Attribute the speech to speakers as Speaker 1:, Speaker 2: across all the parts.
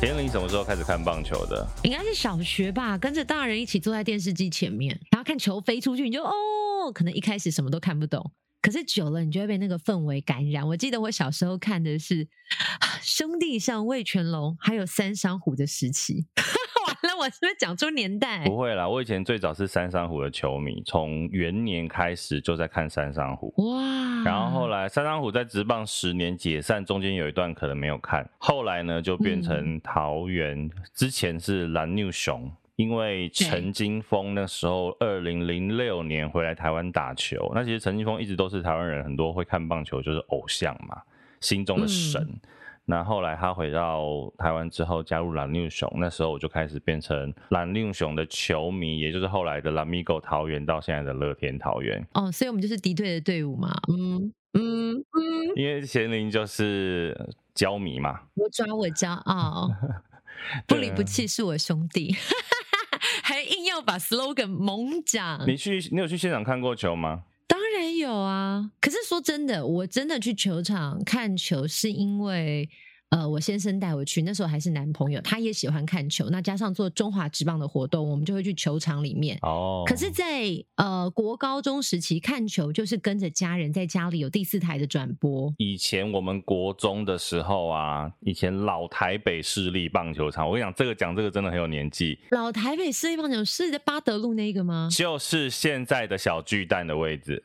Speaker 1: 賢齡什麼時候開始看棒球的？
Speaker 2: 應該是小學吧，跟着大人一起坐在電視機前面，然後看球飛出去，你就哦，可能一開始什麼都看不懂，可是久了你就會被那個氛圍感染。我記得我小時候看的是、啊、兄弟象、味全龍、還有三商虎的時期。那我是不是講出年代？不
Speaker 1: 會啦，我以前最早是三商虎的球迷，從元年開始就在看三商虎。哇！然後後來三商虎在職棒十年解散，中間有一段可能沒有看。後來呢，就變成桃猿、嗯，之前是 La New 熊，因為陳金鋒那時候二零零六年回來台灣打球。那其實陳金鋒一直都是台灣人，很多會看棒球就是偶像嘛，心中的神。嗯那後來他回到台灣之後，加入 La New 熊，那時候我就開始變成 La New 熊的球迷，也就是後來的 Lamigo 桃猿，到現在的樂天桃猿。
Speaker 2: 哦，所以我們就是敵對的隊伍嘛。嗯嗯
Speaker 1: 嗯。因為賢齡就是驕迷嘛，
Speaker 2: 我抓我驕傲，
Speaker 1: 哦、 不離不
Speaker 2: 棄是我兄弟， 還硬要把 slogan 猛講。你
Speaker 1: 去，你有去現場看過球嗎？
Speaker 2: 沒有啊，可是說真的，我真的去球場看球是因為，呃，我先生帶我去，那時候還是男朋友，他也喜歡看球。那加上做中華職棒的活動，我們就會去球場裡面。哦。可是在，在呃國高中時期看球，就是跟着家人在家裡有第四台的轉播。
Speaker 1: 以前我們國中的時候啊，以前老台北市立棒球場，我跟你講這個講這個真的很有年紀。
Speaker 2: 老台北市立棒球場是在八德路那個嗎？
Speaker 1: 就是現在的小巨蛋的位置。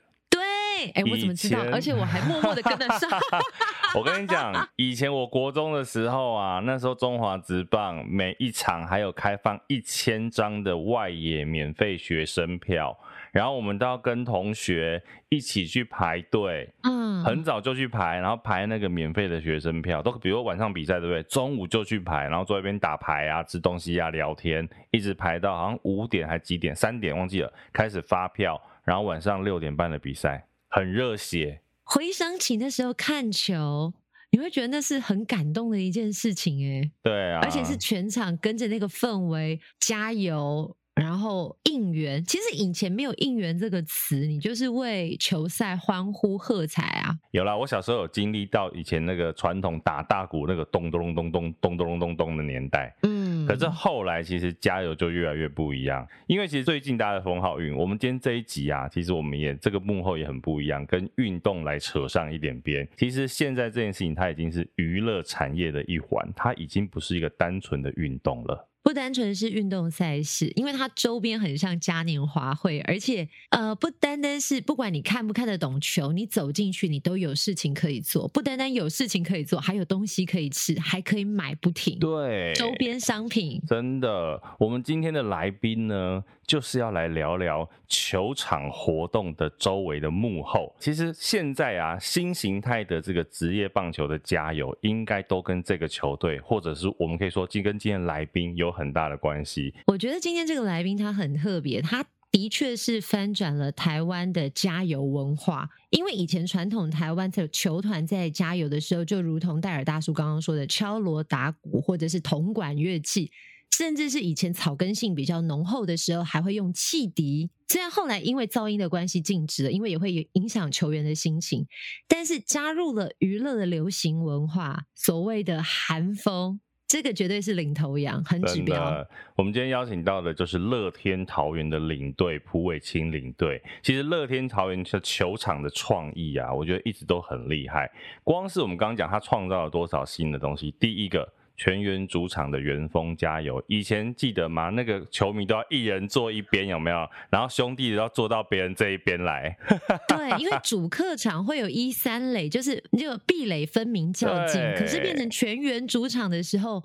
Speaker 2: 哎、欸，我怎麼知道？而且我
Speaker 1: 還默默地跟得上。 我跟你講，以前我國中的時候啊，那時候中華職棒每一場還有開放一千張的外野免費學生票，然後我們都要跟同學一起去排隊，嗯，很早就去排，然後排那個免費的學生票，都比如說晚上比賽，對不對？中午就去排，然後坐在那邊打牌啊、吃東西啊、聊天，一直排到好像五點還幾點？三點忘記了，開始發票，然後晚上六點半的比賽。很熱血，
Speaker 2: 回想起那時候看球，你會覺得那是很感動的一件事情。哎、欸，
Speaker 1: 對啊，而且是
Speaker 2: 全場跟着那個氛圍加油。然後應援，其實以前沒有“應援”這個詞，你就是為球賽歡呼喝彩啊。
Speaker 1: 有啦，我小時候有經歷到以前那個傳統打大鼓那個咚咚咚咚咚咚咚咚咚咚咚的年代。嗯，可是後來其實加油就越來越不一樣，因為其實最近大家瘋奧運。我們今天這一集啊，其實我們也這個幕後也很不一樣，跟運動來扯上一點邊。其實現在這件事情它已經是娛樂產業的一環，它已經不是一個單純的運動了。
Speaker 2: 不單純是運動賽事，因為它周邊很像嘉年華會，而且呃，不單單是不管你看不看得懂球，你走進去你都有事情可以做，不單單有事情可以做，還有東西可以吃，還可以買不停。對，周邊商品。
Speaker 1: 真的，我們今天的來賓呢，就是要來聊聊球場活動的周圍的幕後。其實現在啊，新形態的這個職業棒球的加油，應該都跟這個球隊，或者是我們可以說今跟今天來賓有。很大的關係，
Speaker 2: 我覺得今天這個來賓他很特別，他的確是翻轉了台灣的加油文化。因為以前傳統台灣的球團在加油的時候，就如同戴爾大叔剛剛說的，敲鑼打鼓或者是銅管樂器，甚至是以前草根性比較濃厚的時候，還會用汽笛。雖然後來因為噪音的關係禁止了，因為也會影響球員的心情，但是加入了娛樂的流行文化，所謂的韓風。這個絕對是領頭羊，很指
Speaker 1: 標。我們今天邀請到的就是樂天桃猿的領隊浦韋青領隊。其實樂天桃猿的球場的創意啊，我覺得一直都很厲害。光是我們剛剛講，他創造了多少新的東西？第一個。全猿主場的猿風加油，以前記得嗎？那個球迷都要一人坐一邊，有沒有？然後兄弟都要坐到別人這一邊來。
Speaker 2: 對，因為主客場會有一三壘，就是就壁壘分明較勁。可是變成全猿主場的時候，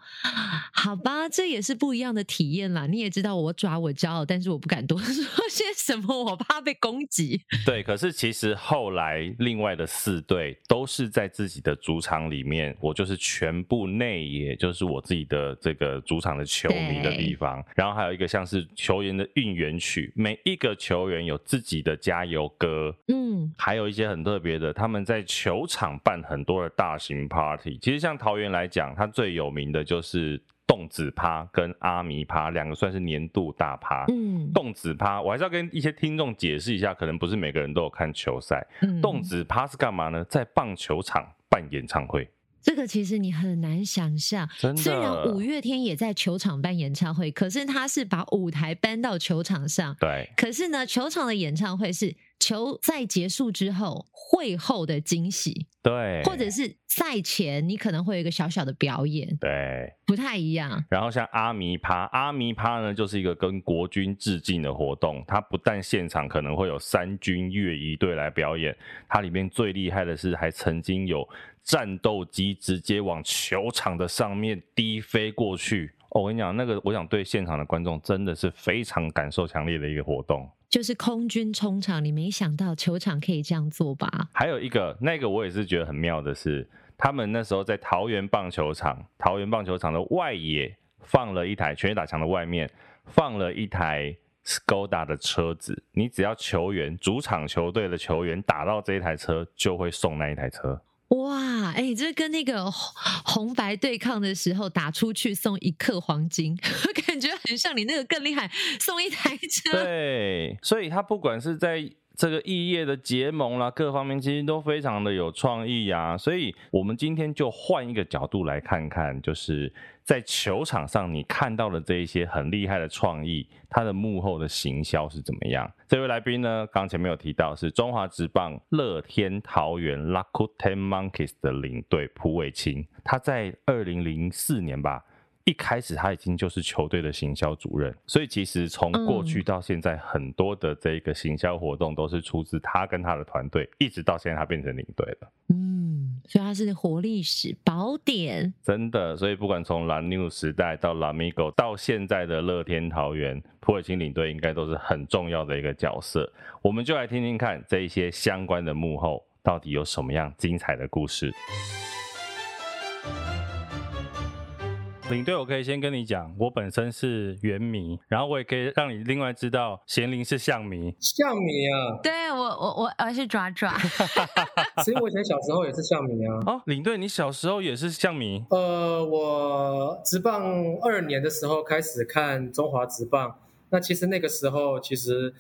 Speaker 2: 好吧，這也是不一樣的體驗啦。你也知道，我抓我驕傲，但是我不敢多說些什麼，我怕被攻擊。對，
Speaker 1: 可是其實後來另外的四隊都是在自己的主場裡面，我就是全部內野，就是我自己的這個主場的球迷的地方，然後還有一個像是球員的應援曲，每一個球員有自己的加油歌，嗯，還有一些很特別的，他們在球場辦很多的大型 party。其實像桃園來講，它最有名的就是動子趴跟阿彌趴，兩個算是年度大趴。嗯，動子趴我還是要跟一些聽眾解釋一下，可能不是每個人都有看球賽。嗯，動子趴是幹嘛呢？在棒球場辦演唱會。
Speaker 2: 這個其實你很難想象，雖然五月天也在球場辦演唱會，可是他是把舞台搬到球場上。對，可是呢，球場的演唱會是。球賽結束之後，會後的驚喜，
Speaker 1: 對，或者
Speaker 2: 是賽前，你可能會有一個小小的表演，對，不太一樣。
Speaker 1: 然後像阿米趴，阿米趴呢，就是一個跟國軍致敬的活動。它不但現場可能會有三軍樂儀隊來表演，它裡面最厲害的是還曾經有戰鬥機直接往球場的上面低飛過去。哦，我跟你講，那個我想對現場的觀眾真的是非常感受強烈的一個活動。
Speaker 2: 就是空軍衝場，你沒想到球場可以這樣做吧？
Speaker 1: 還有一個，那個我也是覺得很妙的是，他們那時候在桃園棒球場，桃園棒球場的外野放了一台，全壘打牆的外面放了一台 Skoda 的車子，你只要球員，主場球隊的球員打到這一台車，就會送那一台車。
Speaker 2: 哇，哎、欸，這跟那個紅白對抗的時候打出去送一克黃金，我感覺很像。你那個更厲害，送一台車。
Speaker 1: 對，所以他不管是在。這個異業的結盟啦、啊，各方面其實都非常的有創意啊。所以我們今天就換一個角度來看看，就是在球場上你看到的這一些很厲害的創意，它的幕後的行銷是怎麼樣？這位來賓呢，剛前面有提到是中華職棒樂天桃猿 Rakuten Monkeys 的領隊浦韋青。他在二零零四年吧。一開始他已經就是球隊的行銷主任，所以其實從過去到現在、嗯，很多的這個行銷活動都是出自他跟他的團隊，一直到現在他變成領隊了。
Speaker 2: 嗯，所以他是活歷史寶典，
Speaker 1: 真的。所以不管從 La New 時代到 Lamigo，到現在的樂天桃猿，浦韋青領隊應該都是很重要的一個角色。我們就來聽聽看這一些相關的幕後到底有什麼樣精彩的故事。嗯領隊，我可以先跟你講，我本身是猿迷，然後我也可以讓你另外知道，賢齡是象迷。象迷啊，
Speaker 2: 對我我我而是爪爪，
Speaker 3: 所以我以前小時候也是象迷啊。哦，領隊，你小時候也是象迷？呃，我職棒二年的時候開始看中華職棒，那其實那個時候其實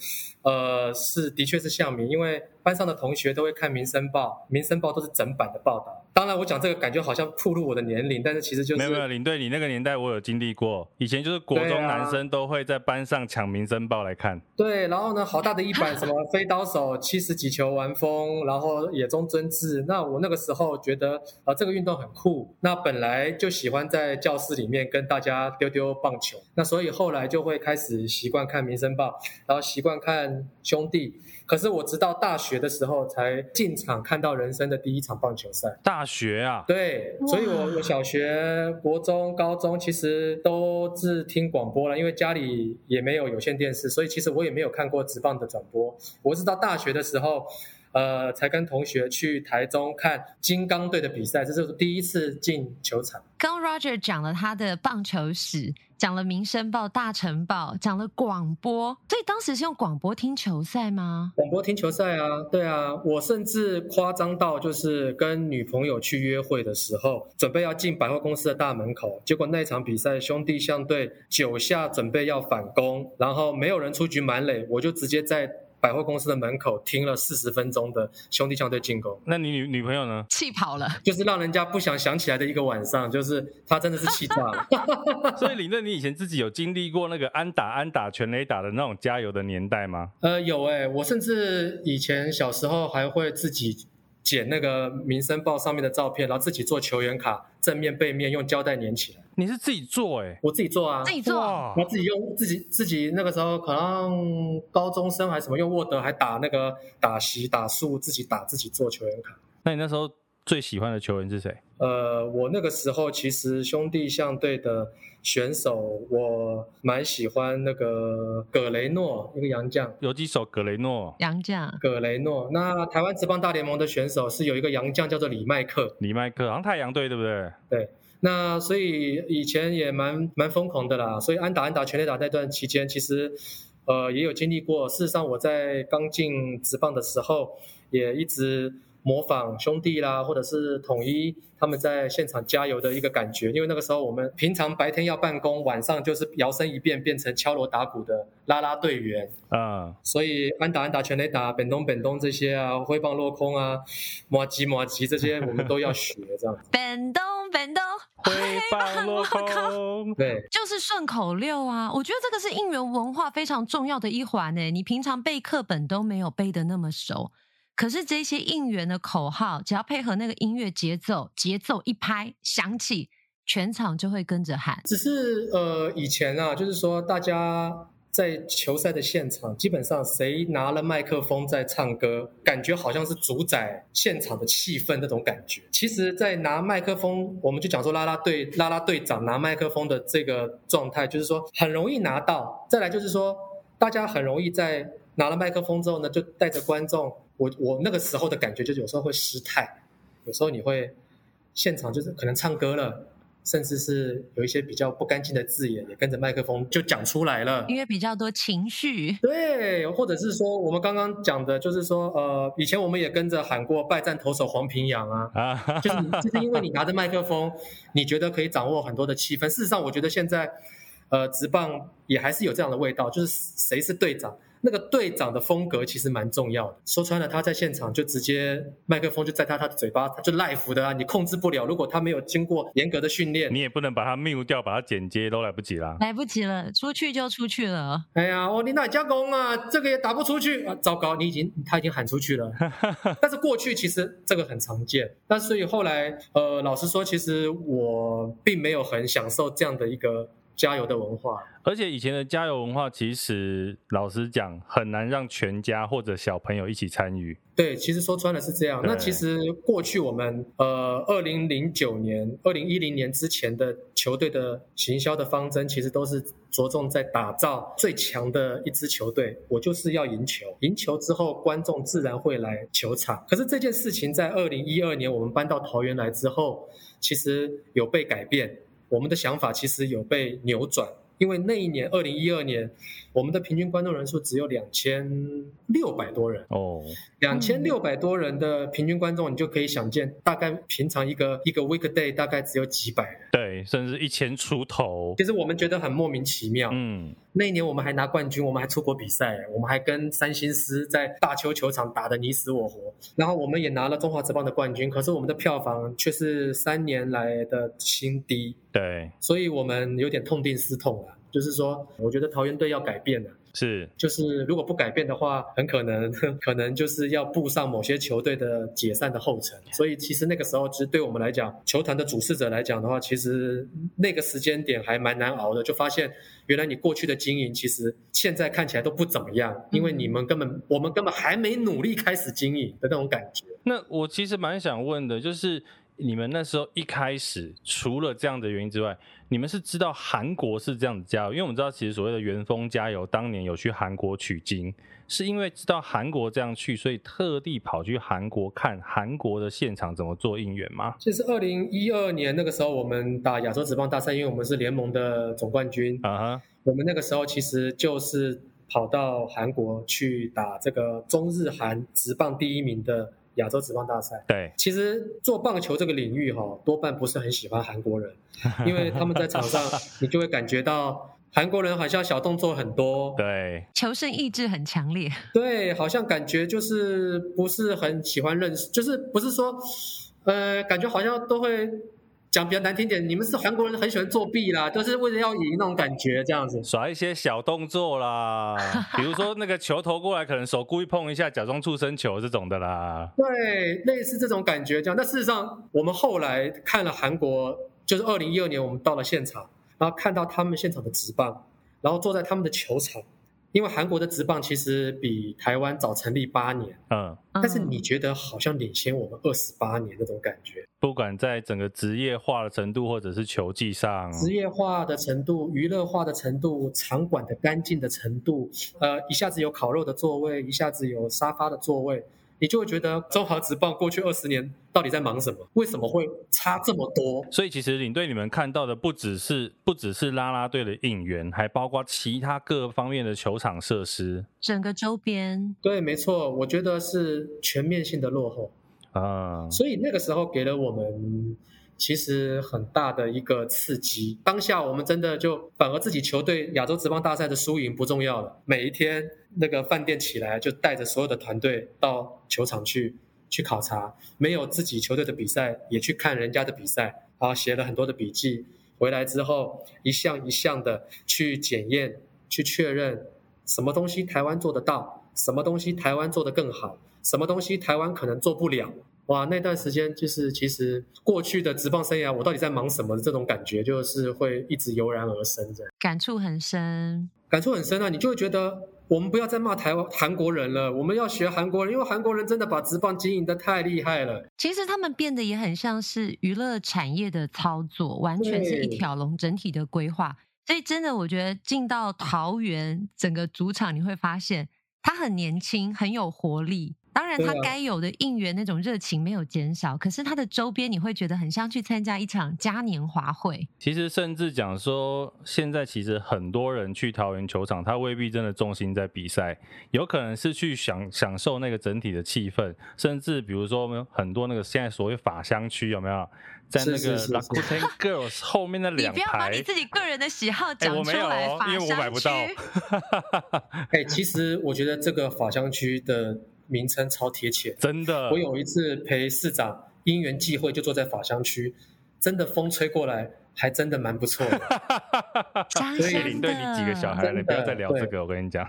Speaker 3: 呃是的確是象迷，因為班上的同學都會看民生報，民生報都是整版的報道。當然，我講這個感覺好像暴露我的年齡，但是其實就是沒有沒
Speaker 1: 有，領隊你那個年代我有經歷過。以前就是國中男生都會在班上搶民生報來看。
Speaker 3: 對、啊對，然後呢，好大的一版什麼飛刀手 七十幾球完封，然後野中尊治。那我那個時候覺得，啊、呃，這個運動很酷。那本來就喜歡在教室裡面跟大家丟丟棒球，那所以後來就會開始習慣看民生報，然後習慣看兄弟。可是我直到大學的時候才進場看到人生的第一場棒球賽。大大學啊，對，所以我我小學、國中、高中其實都是聽廣播了，因為家裡也沒有有線電視，所以其實我也沒有看過職棒的轉播。我是到大學的時候，呃，才跟同學去台中看金剛隊的比賽，這是第一次進球場。
Speaker 2: 剛 Roger 講了他的棒球史。講了《民生報》《大成報》，講了廣播，所以當時是用廣播聽球賽嗎？
Speaker 3: 廣播聽球賽啊，對啊，我甚至誇張到就是跟女朋友去約會的時候，準備要進百貨公司的大門口，結果那一場比賽兄弟象隊九下準備要反攻，然後沒有人出局滿壘，我就直接在。百貨公司的門口停了四十分鐘的兄弟象隊進攻。那你女女朋友呢？
Speaker 2: 氣跑了，就
Speaker 3: 是讓人家不想想起來的一個晚上，就是他真的是氣炸了。 所以李樂，你以前自己有經歷過那個
Speaker 1: 安打安打全壘打的那種加油的年代嗎？
Speaker 3: 呃，有誒、欸。我甚至以前小時候還會自己。剪那個《民生報》上面的照片，然後自己做球員卡，正面背面用膠帶粘起來。你是自己做誒、欸，我自己做啊，自己做、啊。然後自己用自己自己那個時候可能高中生還是什麼，用沃德還打那個打席打數，自己打自己做球員卡。
Speaker 1: 那你那時候？最喜歡的球員是誰？
Speaker 3: 呃，我那個時候其實兄弟象隊的選手，我蠻喜歡那個葛雷諾，一個洋將。游擊手葛雷諾。
Speaker 2: 洋將
Speaker 3: 葛雷諾。那台灣職棒大聯盟的選手是有一個洋將叫做李麥克，李麥克，好像太陽隊對不對？對。那所以以前也蠻蠻瘋狂的啦。所以安打、安打、全壘打那段期間，其實呃也有經歷過。事實上，我在剛進職棒的時候也一直。模仿兄弟啦，或者是統一他們在現場加油的一個感覺，因為那個時候我們平常白天要辦公，晚上就是搖身一變變成敲鑼打鼓的啦啦隊員啊，所以安打、安打、全壘打，本東本東這些啊，揮棒落空啊，摩吉摩吉這些我們都要學 這樣。
Speaker 2: 本東本東揮
Speaker 3: 棒落空，對，
Speaker 2: 就是順口溜啊。我覺得這個是應援文化非常重要的一環誒，你平常背課本都沒有背得那麼熟。可是這些應援的口號，只要配合那個音樂節奏，節奏一拍響起，全場就會跟着喊。
Speaker 3: 只是呃，以前啊，就是說大家在球賽的現場，基本上誰拿了麥克風在唱歌，感覺好像是主宰現場的氣氛那種感覺。其實，在拿麥克風，我們就講說啦啦隊、啦啦隊長拿麥克風的這個狀態，就是說很容易拿到。再來就是說，大家很容易在拿了麥克風之後呢，就帶着觀眾。我我那個時候的感覺就是有時候會失態，有時候你會現場就是可能唱歌了，甚至是有一些比較不乾淨的字眼也跟着麥克風就講出來了，
Speaker 2: 因為比較多情緒，對，或者是說
Speaker 3: 我們剛剛講的就是說呃，以前我們也跟着喊過敗戰投手黃平洋啊，就是就是因為你拿着麥克風， 你覺得可以掌握很多的氣氛，事實上我覺得現在呃職棒也還是有這樣的味道，就是誰是隊長。那個隊長的風格其實蠻重要的。說穿了，他在現場就直接麥克風就在他他的嘴巴，他就 Live 的啊，你控制不了。如果他沒有經過嚴格的訓練，你也不能把他 mute 掉，把他剪接都來不及啦，
Speaker 2: 啊，來不及了，出去就出去了。哎呀，我你哪加工啊？這個也打不出去
Speaker 3: 啊，糟糕，你已經他已經喊出去了。 但是過去其實這個很常見，但是以後來呃，老實說，其實我並沒有很享受這樣的一個。加油的文化，而且以前的加
Speaker 1: 油文化，其實老實講很難讓全家或者小朋友一起參與。
Speaker 3: 對，其實說穿了是這樣。那其實過去我們呃，二零零九年、二零一零年之前的球隊的行銷的方針，其實都是着重在打造最強的一支球隊。我就是要贏球，贏球之後觀眾自然會來球場。可是這件事情在二零一二年我們搬到桃園來之後，其實有被改變。我們的想法其實有被扭轉，因為那一年二零一二年，我們的平均觀眾人數只有兩千六百多人哦，兩千六百多人的平均觀眾，你就可以想見，嗯、大概平常一個一個 week day 大概只有幾百人，對，甚至一千出頭。其實我們覺得很莫名其妙，嗯。那一年我們還拿冠軍，我們還出國比賽，我們還跟三星獅在大邱球場打得你死我活，然後我們也拿了中華職棒的冠軍，可是我們的票房卻是三年來的新低。對，所以我們有點痛定思痛了、啊，就是說，我覺得桃猿隊要改變了、啊。是，就是如果不改變的話，很可能可能就是要步上某些球隊的解散的後塵。所以其實那個時候，其實對我們來講，球團的主事者來講的話，其實那個時間點還蠻難熬的。就發現原來你過去的經營，其實現在看起來都不怎麼樣，因為你們根本，嗯、我們根本還沒努力開始經營的那種感覺。
Speaker 1: 那我其實蠻想問的，就是你們那時候一開始，除了這樣的原因之外，你們是知道韓國是這樣子加油，因為我們知道其實所謂的猿風加油，當年有去韓國取經，是因為知道韓國這樣去，所以特地跑去韓國看韓國的現場怎麼做應援嗎？
Speaker 3: 就是二零一二年那個時候，我們打亞洲職棒大賽，因為我們是聯盟的總冠軍啊，哈、uh -huh.，我們那個時候其實就是跑到韓國去打這個中日韓職棒第一名的。亞洲職棒大賽，對，其實做棒球這個領域哈、哦，多半不是很喜歡韓國人，因為他們在場上，你就會感覺到韓國人好像小動作很多，對，
Speaker 2: 求勝意志很強烈，對，
Speaker 3: 好像感覺就是不是很喜歡認識，就是不是說，呃，感覺好像都會。講比較難聽點，你們是韓國人，很喜歡作弊啦，都是為了要贏那種感覺，這樣子。耍一些小動作
Speaker 1: 啦，比如說那個球投過來，可能手故意碰一下，假裝觸身球這種的啦。
Speaker 3: 對，類似這種感覺。這樣，那事實上我們後來看了韓國，就是二零一二年，我們到了現場，然後看到他們現場的職棒，然後坐在他們的球場。因為韓國的職棒其實比台灣早成立八年，嗯，但是你覺得好像領先我們二十八年那種感覺。不管在整個職業化
Speaker 1: 的程度，或者是球技上，職
Speaker 3: 業化的程度、娛樂化的程度、場館的乾淨的程度，呃，一下子有烤肉的座位，一下子有沙發的座位。你就會覺得中華職棒過去二十年到底在忙什麼？為什麼會差這麼多？
Speaker 1: 所以其實領隊，你們看到的不只是不只是拉拉隊的應援，還包括其他各方面的球場設施，
Speaker 2: 整個周邊。
Speaker 3: 對，沒錯，我覺得是全面性的落後啊。所以那個時候給了我們其實很大的一個刺激。當下我們真的就反而自己球隊亞洲職棒大賽的輸贏不重要了，每一天那個飯店起來，就帶着所有的團隊到球場去去考察，沒有自己球隊的比賽，也去看人家的比賽，然後寫了很多的筆記。回來之後，一項一項的去檢驗、去確認，什麼東西台灣做得到，什麼東西台灣做得更好，什麼東西台灣可能做不了。哇，那段時間就是其實過去的職棒生涯，我到底在忙什麼的，這種感覺就是會一直油然而生的，
Speaker 2: 感觸很深。
Speaker 3: 感觸很深啊！你就會覺得我們不要再罵台灣韓國人了，我們要學韓國人，因為韓國人真的把職棒經營的太厲害了。
Speaker 2: 其實他們變得也很像是娛樂產業的操作，完全是一條龍整體的規劃。所以真的，我覺得進到桃園整個主場，你會發現他很年輕，很有活力。當然，他該有的應援那種熱情沒有減少，啊，可是他的周邊你會覺得很像去參加一場嘉年華會。
Speaker 1: 其實甚至講說，現在其實很多人去桃園球場，他未必真的重心在比賽，有可能是去享享受那個整體的氣氛。甚至比如說，我們有很多那個現在所謂法香區有沒有？在那個 Rakuten
Speaker 3: Girls 後面的兩排，是是是是是 你不要把你自
Speaker 2: 己個人的喜好講出來，欸我沒有哦，因為我買不到。
Speaker 3: 哎、 欸，其實我覺得這個法香區的。名稱超貼切，真的。我有一次陪市長因緣際會就坐在法香區，真的風吹過來，還真的蠻不錯
Speaker 1: 所以領隊，你幾個小孩，你不要再聊這個，我跟你講。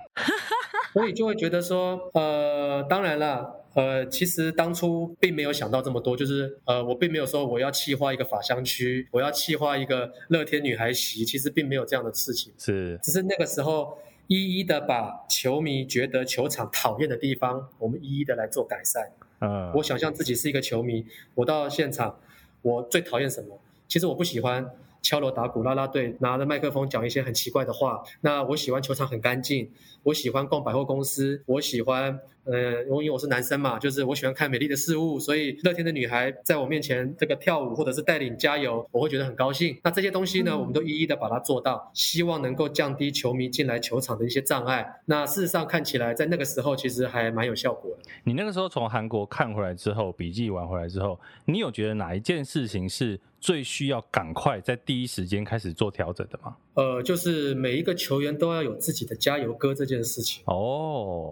Speaker 3: 所以就會覺得說，呃，當然了，呃，其實當初並沒有想到這麼多，就是呃，我並沒有說我要企劃一個法香區，我要企劃一個樂天女孩席，其實並沒有這樣的事情，是，只是那個時候。一一的把球迷覺得球場討厭的地方，我們一一的來做改善。
Speaker 2: 嗯，我
Speaker 3: 想象自己是一個球迷，我到現場，我最討厭什麼？其實我不喜歡敲鑼打鼓、啦啦隊拿着麥克風講一些很奇怪的話。那我喜歡球場很乾淨，我喜歡逛百貨公司，我喜歡。呃、嗯，因為我是男生嘛，就是我喜歡看美麗的事物，所以樂天的女孩在我面前這個跳舞或者是帶領加油，我會覺得很高興。那這些東西呢，我們都一一的把它做到，希望能夠降低球迷進來球場的一些障礙。那事實上看起來，在那個時候其實還蠻有效果的。你那個時候從
Speaker 1: 韓國看回來之後，筆記完回來之後，你有覺得哪一件事情是最需要趕快在第一時間開始做調整的嗎？
Speaker 3: 呃，就是每一個球員都要有自己的加油歌這件事情哦。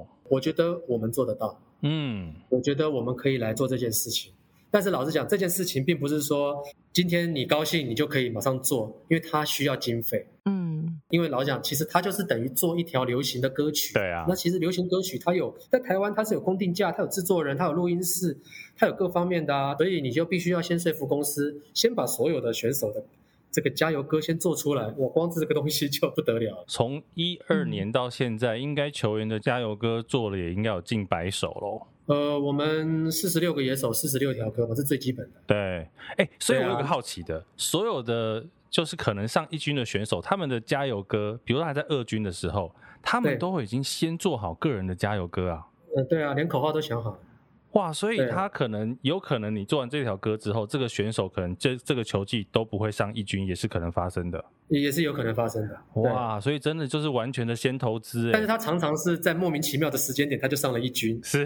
Speaker 3: Oh. 我覺得我們做得到，嗯，我覺得我們可以來做這件事情。但是老實講，這件事情並不是說今天你高興你就可以馬上做，因為它需要經費，嗯，因為老實講其實它就是等於做一條流行的歌曲，對啊，那其實流行歌曲它有在台灣它是有公定價，它有制作人，它有錄音室，它有各方面的啊，所以你就必須要先說服公司，先把所有的選手的。這個加油歌先做出來，我光是這個東西就不得了了。從一
Speaker 1: 二年到現在，嗯，應該球員的加油歌做了也應該有近百首嘍。
Speaker 3: 呃，我們四十六個野手，四十六條歌，我是最基本的。
Speaker 1: 對，
Speaker 3: 哎，所以我有一個好奇的，
Speaker 1: 啊，所有的就是可能上一軍的選手，他們的加油歌，比如說還在二軍的時候，他們都已經先做好個人的加油歌啊。
Speaker 3: 呃，對啊，連口號都想好了。哇！所
Speaker 1: 以他可能有可能，你做完這條歌之後，這個選手可能這這個球季都不會上一軍，也是可能發生的，
Speaker 3: 也是有可能發生的。哇！所以真的就是完全的先投資，但是他常常是在莫名其妙的時間點他就上了一軍，是，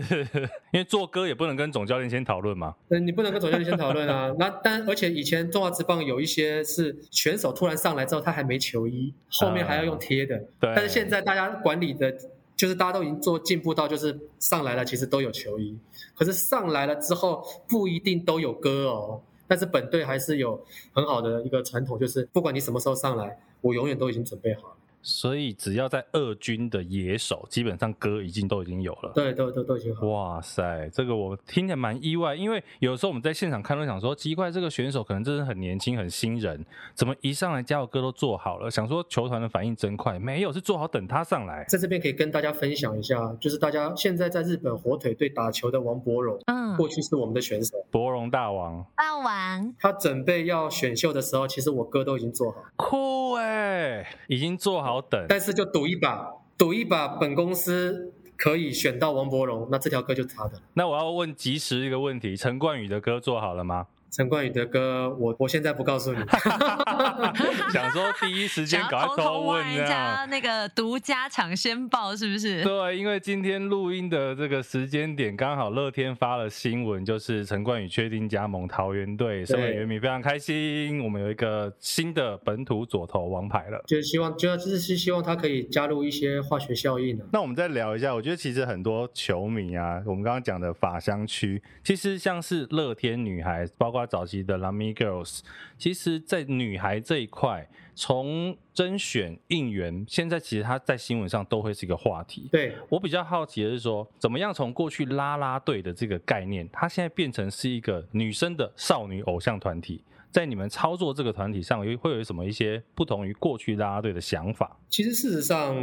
Speaker 3: 因為做
Speaker 1: 歌也不能跟總教練先討論嘛？
Speaker 3: 嗯，你不能跟總教練先討論啊。 那但而且以前中華職棒有一些是選手突然上來之後，他還沒球衣，後面還要用貼的、呃。對。但是現在大家管理的，就是大家都已經做進步到，就是上來了，其實都有球衣。可是上來了之後不一定都有歌哦，但是本隊還是有很好的一個傳統，就是不管你什麼時候上來，我永遠都已經準備好了。所以只要在
Speaker 1: 二軍的野手，基本上歌已經都已經有了。
Speaker 3: 對對對，都已經
Speaker 1: 好。哇塞，這個我聽得蠻意外，因為有時候我們在現場看都想說，奇怪，這個選手可能真的很年輕，很新人，怎麼一上來加油歌都做好了？想說球團的反應真快，沒有，是做好等他
Speaker 3: 上來。在這邊可以跟大家分享一下，就是大家現在在日本火腿隊打球的王柏融，嗯，過去是我們的選手，柏融大王。
Speaker 2: 大王。
Speaker 3: 他準備要選秀的時候，其實我歌都已經做好。酷哎、欸，已經做好了。好等，但是就賭一把，賭一把本公司可以選到王柏融，那這條歌就是他的。那我要問及時一個問題：陳冠宇的歌做好了嗎？陳冠宇的歌，我我現在不告訴
Speaker 1: 你， 想說第一時間搞一偷問一下，偷偷問人家
Speaker 2: 那個獨家搶先報是不是？對，
Speaker 1: 因為今天錄音的這個時間點剛好樂天發了新聞，就是陳冠宇確定加盟桃猿隊，身為猿迷非常開心，我們有一個新的本土左投王牌了。就是希望，就是是希望他可以加入一些化學效應，那我們再聊一下，我覺得其實很多球迷啊，我們剛剛講的法香區，其實像是樂天女孩，包括。早期的 Lamigirls 其實在女孩這一塊，從甄選、應援，現在其實她在新聞上都會是一個話題。對我比較好奇的是說，怎麼樣從過去拉拉隊的這個概念，它現在變成是一個女生的少女偶像團體，在你們操作這個團體上，又會有什麼一些不同於過去拉拉隊的想法？
Speaker 3: 其實事實上，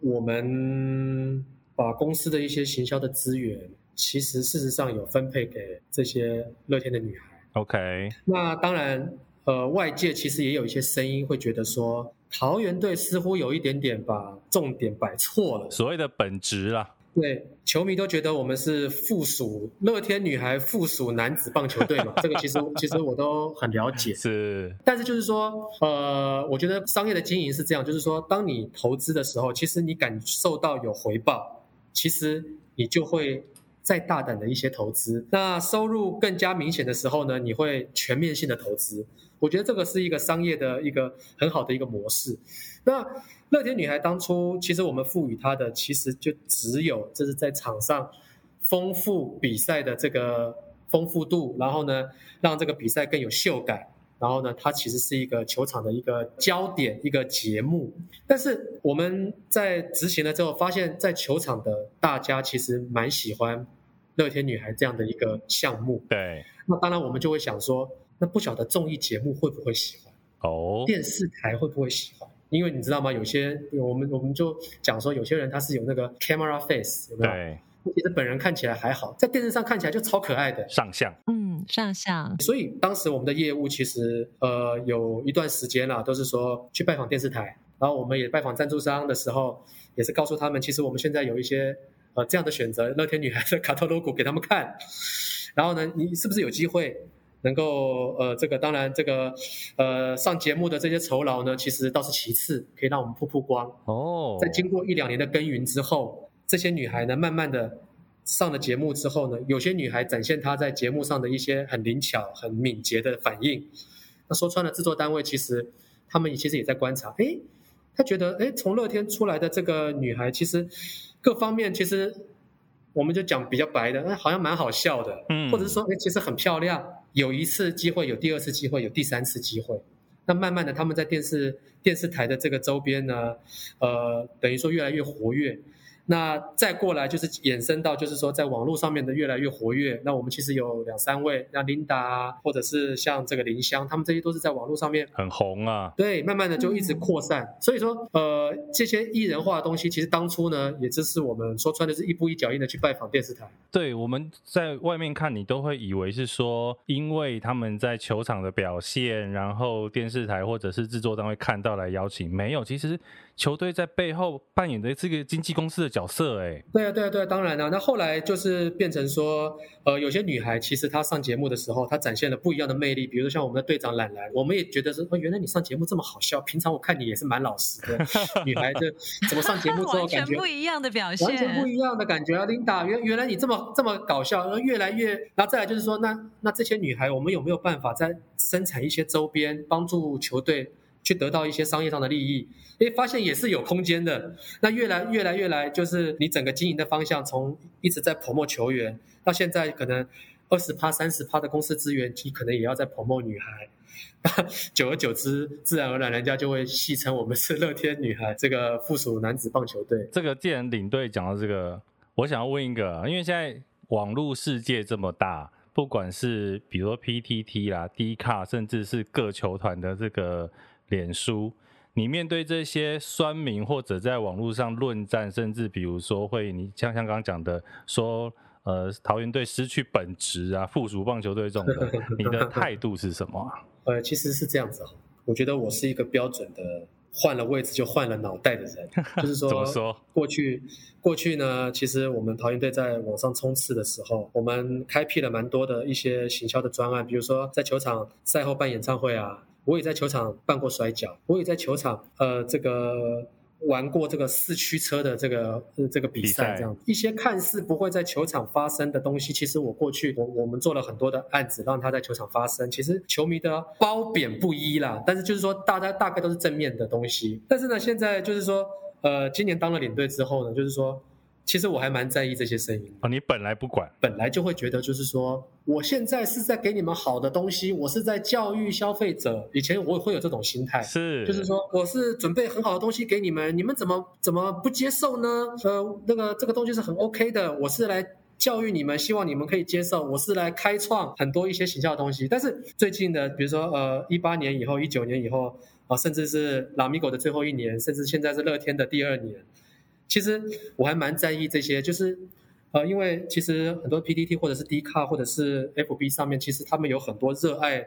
Speaker 3: 我們把公司的一些行銷的資源，其實事實上有分配給這些樂天的女孩。OK，那當然，呃，外界其實也有一些聲音會覺得說，桃猿隊似乎有一點點把重點擺錯
Speaker 1: 了，所謂的本職啦、
Speaker 3: 啊。對，球迷都覺得我們是附屬樂天女孩附屬男子棒球隊嘛， 這個其實其實我都很了解。 是，但是就是說，呃，我覺得商業的經營是這樣，就是說，當你投資的時候，其實你感受到有回報，其實你就會。再大膽的一些投資，那收入更加明顯的時候呢，你會全面性的投資。我覺得這個是一個商業的一個很好的一個模式。那樂天女孩當初其實我們賦予她的，其實就只有就是在場上豐富比賽的這個豐富度，然後呢，讓這個比賽更有秀感。然後呢，它其實是一個球場的一個焦點，一個節目。但是我們在執行了之後，發現，在球場的大家其實蠻喜歡樂天女孩這樣的一個項目。對。那當然，我們就會想說，那不曉得綜藝節目會不會喜歡？哦。電視台會不會喜歡？因為你知道嗎？有些有我們我們就講說，有些人他是有那個 camera face 有沒有？對。其實本人看起來還好，在電視上看起來就超可愛的。上相。
Speaker 2: 嗯。上下，
Speaker 3: 所以當時我們的業務其實呃有一段時間了，都是說去拜訪電視台，然後我們也拜訪贊助商的時候，也是告訴他們，其實我們現在有一些呃這樣的選擇，樂天女孩的 catalog 給他們看，然後呢，你是不是有機會能夠呃這個，當然這個呃上節目的這些酬勞呢，其實倒是其次，可以讓我們曝曝光哦。Oh. 在經過一兩年的耕耘之後，這些女孩呢，慢慢的。上了節目之後呢，有些女孩展現她在節目上的一些很靈巧、很敏捷的反應。那說穿了，制作單位其實他們其實也在觀察，哎，她覺得哎，從樂天出來的這個女孩，其實各方面其實我們就講比較白的，哎，好像蠻好笑的，嗯，或者是說哎，其實很漂亮。有一次機會，有第二次機會，有第三次機會。那慢慢的，他們在電視電視台的這個周邊呢，呃，等於說越來越活躍。那再過來就是衍生到，就是說在網絡上面的越來越活躍。那我們其實有兩三位，像琳達或者是像這個林香，他們這些都是在網絡上面很紅啊。對，慢慢的就一直擴散。嗯。所以說，呃，這些藝人化的東西，其實當初呢，也就是我們說穿的是一步一腳印的去拜訪電視台。對，我們
Speaker 1: 在外面看你都會以為是說，因為他們在球場的表現，然後電視台或者是製作單位看到來邀請，沒有，其實。球隊在背後扮演的這個經紀公司的角色，哎，
Speaker 3: 對啊，對啊，對啊，當然了、啊。那後來就是變成說，呃，有些女孩其實她上節目的時候，她展現了不一樣的魅力。比如說像我們的隊長懶懶，我們也覺得說哦，原來你上節目這麼好笑，平常我看你也是蠻老實的女孩子，怎麼上節目之後感覺 不一
Speaker 2: 樣的表現，完全不一
Speaker 3: 樣的感覺啊，琳達，原原來你這麼這麼搞笑，然後越來越，然後再來就是說，那那這些女孩，我們有沒有辦法在生產一些周邊，幫助球隊？去得到一些商業上的利益，哎、欸，發現也是有空間的。那越來越來越來，就是你整個經營的方向，從一直在 promote 球員，到現在可能二十趴、三十趴的公司資源，你可能也要在 promote 女孩。久而久之，自然而然，人家就會戲稱我們是樂天女孩這個附屬男子
Speaker 1: 棒球隊。這個既然領隊講到這個，我想要問一個，因為現在網絡世界這麼大，不管是比如說 PTT 啦、D 卡，甚至是各球團的這個。臉書，你面對這些酸民或者在網絡上論戰，甚至比如說會，你像像剛剛講的，說呃，桃猿隊失去本質啊，附屬棒球隊這種的，你的態度是什麼？
Speaker 3: 呃，其實是這樣子啊，我覺得我是一個標準的換了位置就換了腦袋的人，就是說， 怎麼說？過去過去呢，其實我們桃猿隊在網上衝刺的時候，我們開闢了蠻多的一些行銷的專案，比如說在球場賽後辦演唱會啊。我也在球場辦過摔跤，我也在球場呃，這個玩過這個四驅車的這個這個比賽這樣比賽。一些看似不會在球場發生的東西，其實我過去我我們做了很多的案子，讓他在球場發生。其實球迷的褒貶不一啦，但是就是說大家大概都是正面的東西。但是呢，現在就是說，呃，今年當了領隊之後呢，就是說。其實我還蠻在意這些聲音啊，哦！你本來不管，本來就會覺得，就是說，我現在是在給你們好的東西，我是在教育消費者。以前我會有這種心態，是，就是說，我是準備很好的東西給你們，你們怎麼怎麼不接受呢？呃，那個這個東西是很 OK 的，我是來教育你們，希望你們可以接受，我是來開創很多一些形象的東西。但是最近的，比如說呃，一八年以後，一九年以後，啊，呃，甚至是 Lamigo 的最後一年，甚至現在是樂天的第二年。其實我還蠻在意這些，就是，呃，因為其實很多 PTT 或者是 D 卡或者是 FB 上面，其實他們有很多熱愛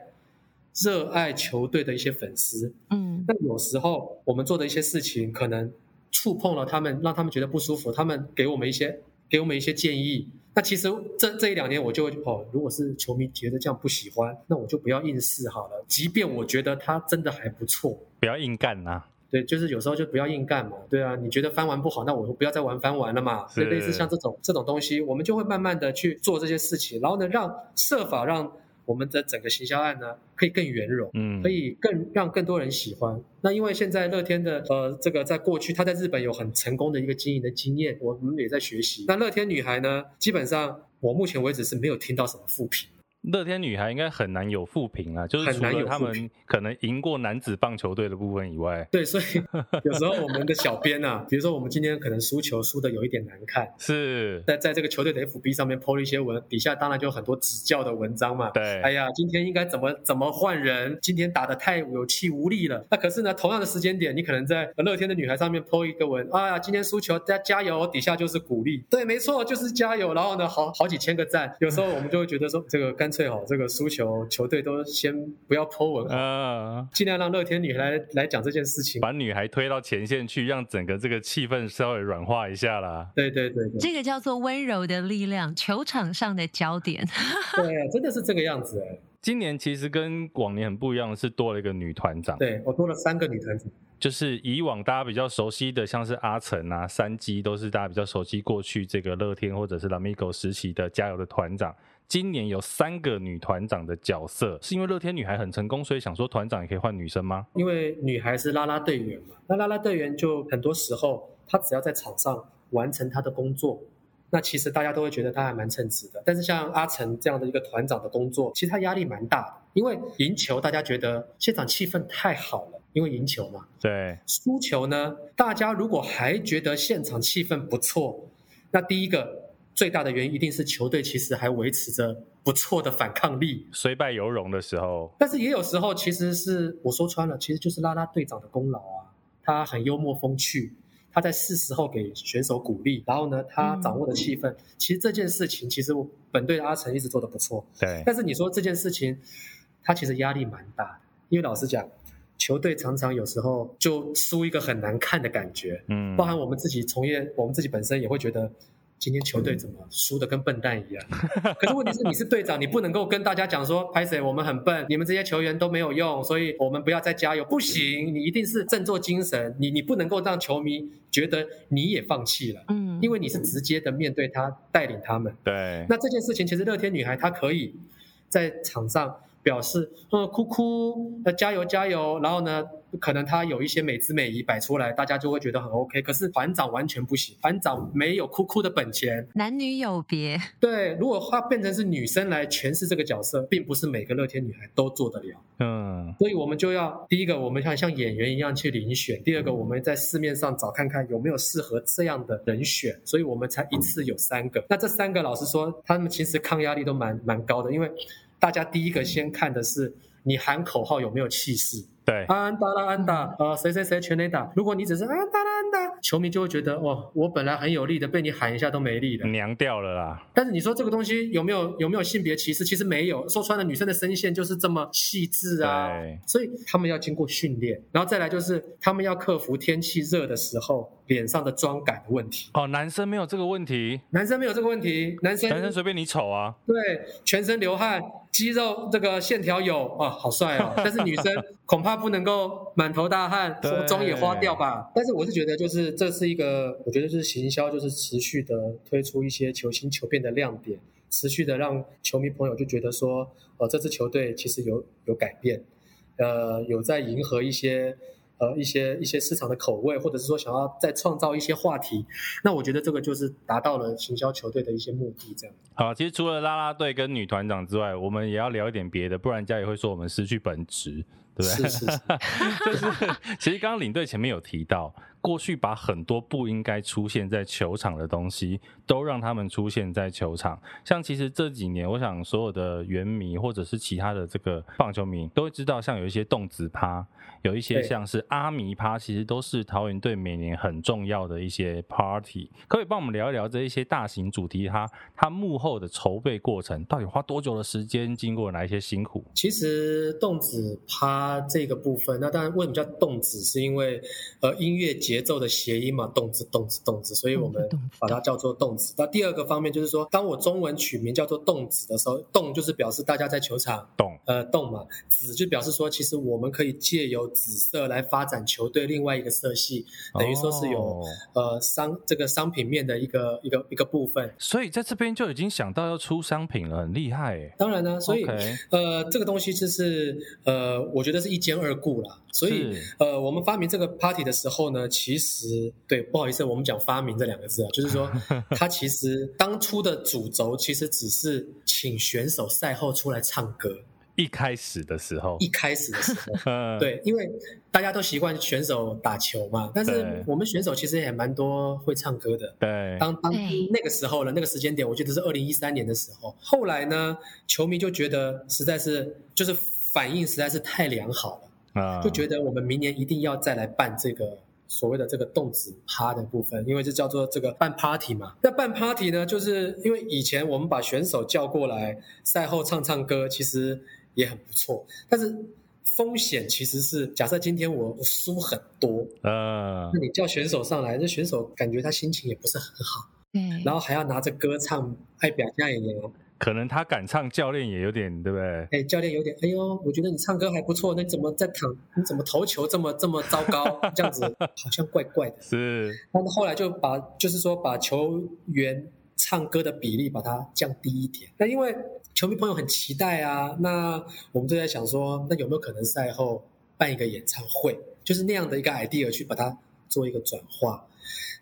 Speaker 3: 熱愛球隊的一些粉絲。嗯。那有時候我們做的一些事情，可能觸碰了他們，讓他們覺得不舒服，他們給我們一些給我們一些建議。那其實這這一兩年，我就哦，如果是球迷覺得這樣不喜歡，那我就不要硬試好了。即便我覺得他真的還不錯，不要硬幹吶、啊。對，就是有時候就不要硬幹嘛，對啊，你覺得翻完不好，那我不要再玩翻玩了嘛。對，所以類似像這種這種東西，我們就會慢慢的去做這些事情，然後呢，讓設法讓我們的整個行銷案呢可以更圓融，嗯、可以更讓更多人喜歡。那因為現在樂天的呃這個在過去他在日本有很成功的一個經營的經驗，我們也在學習。那樂天女孩呢，基本上我目前為止是沒有聽到什麼負評。樂天女孩應該很難有負評啊，就是除了他們可能贏過男子棒球隊的部分以外，對，所以有時候我們的小編啊， 比如說我們今天可能輸球輸的有一點難看，是，在在這個球隊的 FB 上面 PO 了一些文，底下當然就有很多指教的文章嘛，對，哎呀，今天應該怎麼怎麼換人，今天打的太有氣無力了，那可是呢，同樣的時間點，你可能在樂天的女孩上面 PO 一個文，啊，今天輸球，加加油，底下就是鼓勵，對，沒錯，就是加油，然後呢，好好幾千個讚，有時候我們就會覺得說 這個跟最好這個輸球球隊都先不要 po 文
Speaker 1: 啊，盡、呃、量讓樂天女孩來、嗯、來講這件事情，把女孩推到前線去，讓整個這個氣氛稍微軟化一下啦。對對對，對，這個
Speaker 2: 叫做溫柔的力量，球場上的焦點。 對，真的是這個樣子。
Speaker 1: 今年其實跟往年很不一樣，是多了一個女團長。對
Speaker 3: 我多了三個女團
Speaker 1: 長，就是以往大家比較熟悉的，像是阿成啊、山雞，都是大家比較熟悉過去這個樂天或者是 Lamigo 時期的加油的團長。今年有三個女團長的角色，是因為樂天女孩很成功，所以想說團長也可以換女生嗎？
Speaker 3: 因為女孩是拉拉隊員嘛，那拉拉隊員就很多時候，她只要在場上完成她的工作，那其實大家都會覺得她還蠻稱職的。但是像阿成這樣的一個團長的工作，其實他壓力蠻大的，因為贏球大家覺得現場氣氛太好了，因為贏球嘛。對。輸球呢，大家如果還覺得現場氣氛不錯，那第一個。最大的原因一定是球隊其實還維持着不錯的反抗力，雖敗猶榮的時候。但是也有時候，其實是我說穿了，其實就是拉拉隊長的功勞啊。他很幽默風趣，他在是時候給選手鼓勵，然後呢，他掌握的氣氛。嗯。其實這件事情，其實本隊的阿成一直做得不錯。對。但是你說這件事情，他其實壓力蠻大的，因為老實講，球隊常常有時候就輸一個很難看的感覺。嗯。包含我們自己從業，我們自己本身也會覺得。今天球隊怎麼輸的跟笨蛋一樣？可是問題是你是隊長，你不能夠跟大家講說，拍謝，我們很笨，你們這些球員都沒有用，所以我們不要再加油，不行，你一定是振作精神，你你不能夠讓球迷覺得你也放棄了，嗯，因為你是直接的面對他帶領他們。對。那這件事情其實樂天女孩她可以在場上。表示呃、嗯，哭哭，呃，加油加油，然後呢，可能他有一些美姿美儀擺出來，大家就會覺得很 OK。可是團長完全不行，團長沒有哭哭的本錢。
Speaker 2: 男女有別。對，如果話變成
Speaker 3: 是女生來詮釋這個角色，並不是每個樂天女孩都做得了。嗯，所以我們就要第一個，我們像像演員一樣去遴選；第二個，我們在市面上找看看有沒有適合這樣的人選。所以我們才一次有三個。嗯、那這三個，老實說，他們其實抗壓力都蠻蠻高的，因為。大家第一個先看的是你喊口號有沒有氣勢？對，安打啦，安打，呃，誰誰誰全壘打。如果你只是安打啦，安打，球迷就會覺得哦，我本來很有力的，被你喊一下都沒力了，娘掉了啦。但是你說這個東西有沒有有沒有性別歧視？其實沒有，說穿了，女生的聲線就是這麼細緻啊，對，所以他們要經過訓練，然後再來就是他們要克服天氣熱的時候臉上的妝感的問題。哦，男生沒有這個問題，男生沒有這個問題，男生男生隨便你醜啊，對，全身流汗。肌肉這個線條有啊，哦，好帥哦！但是女生恐怕不能夠滿頭大汗，妝 也花掉吧。但是我是覺得，就是這是一個，我覺得就是行銷，就是持續的推出一些求新求變的亮點，持續的讓球迷朋友就覺得說，呃，這支球隊其實有有改變，呃，有在迎合一些。呃，一些一些市場的口味，或者是說想要再創造一些話題，那我覺得這個就是達到了行銷球隊的一些目的，這樣。
Speaker 1: 好，其實除了啦啦隊跟女團長之外，我們也要聊一點別的，不然人家也會說我們失去本職，對不對？是是，是， 就是其實剛剛領隊前面有提到。 過去把很多不應該出現在球場的東西都讓他們出現在球場，像其實這幾年，我想所有的猿迷或者是其他的這個棒球迷都會知道，像有一些動滋趴，有一些像是阿迷趴，其實都是桃猿隊每年很重要的一些 party。可以幫我們聊一聊這一些大型主題趴，它幕後的籌備過
Speaker 3: 程到底花多久的時間，經過哪一些辛苦？其實動滋趴這個部分，那當然為什麼叫動滋，是因為呃音樂節。節奏的諧音嘛，動次動次動次，所以我們把它叫做動次。那，嗯、第二個方面就是說，當我中文取名叫做動紫的時候，動就是表示大家在球場動呃動嘛，紫就表示說，其實我們可以借由紫色來發展球隊另外一個色系，等於說是有，哦，呃商這個商品面的一個一個一個部分。
Speaker 1: 所以在這邊就已經想到要出商品了，很厲害。當
Speaker 3: 然呢，啊，所以，okay，呃這個東西就是呃我覺得是一兼二顧了。所以，呃，我們發明這個 party 的時候呢，其實對，不好意思，我們講發明這兩個字啊，就是說， 他其實當初的主軸其實只是請選手賽後出來唱歌。一開始的時候，一開始的時候， 對，因為大家都習慣選手打球嘛，但是我們選手其實也蠻多會唱歌的。對，當當那個時候了，那個時間點，我記得是二零一三年的時候。後來呢，球迷就覺得實在是，就是反應實在是太良好了。啊、uh...，就覺得我們明年一定要再來辦這個所謂的這個動子趴的部分，因為這叫做這個辦 party 嘛。那辦 party 呢，就是因為以前我們把選手叫過來賽後唱唱歌，其實也很不錯。但是風險其實是，假設今天我輸很
Speaker 1: 多，啊、uh...，那你
Speaker 3: 叫選手上來，這選手感覺他心情也不是很好，嗯、uh...，然後還要拿着歌唱，愛表演。可能他敢唱，教練也有點，對不對？哎、欸，教練有點，哎呦，我覺得你唱歌還不錯，那你怎麼在躺？你怎麼投球這麼這麼糟糕？這樣子好像怪怪的。 是，那後來就把就是說把球員唱歌的比例把它降低一點。那因為球迷朋友很期待啊，那我們都在想說，那有沒有可能賽後辦一個演唱會，就是那樣的一個 idea 去把它做一個轉化？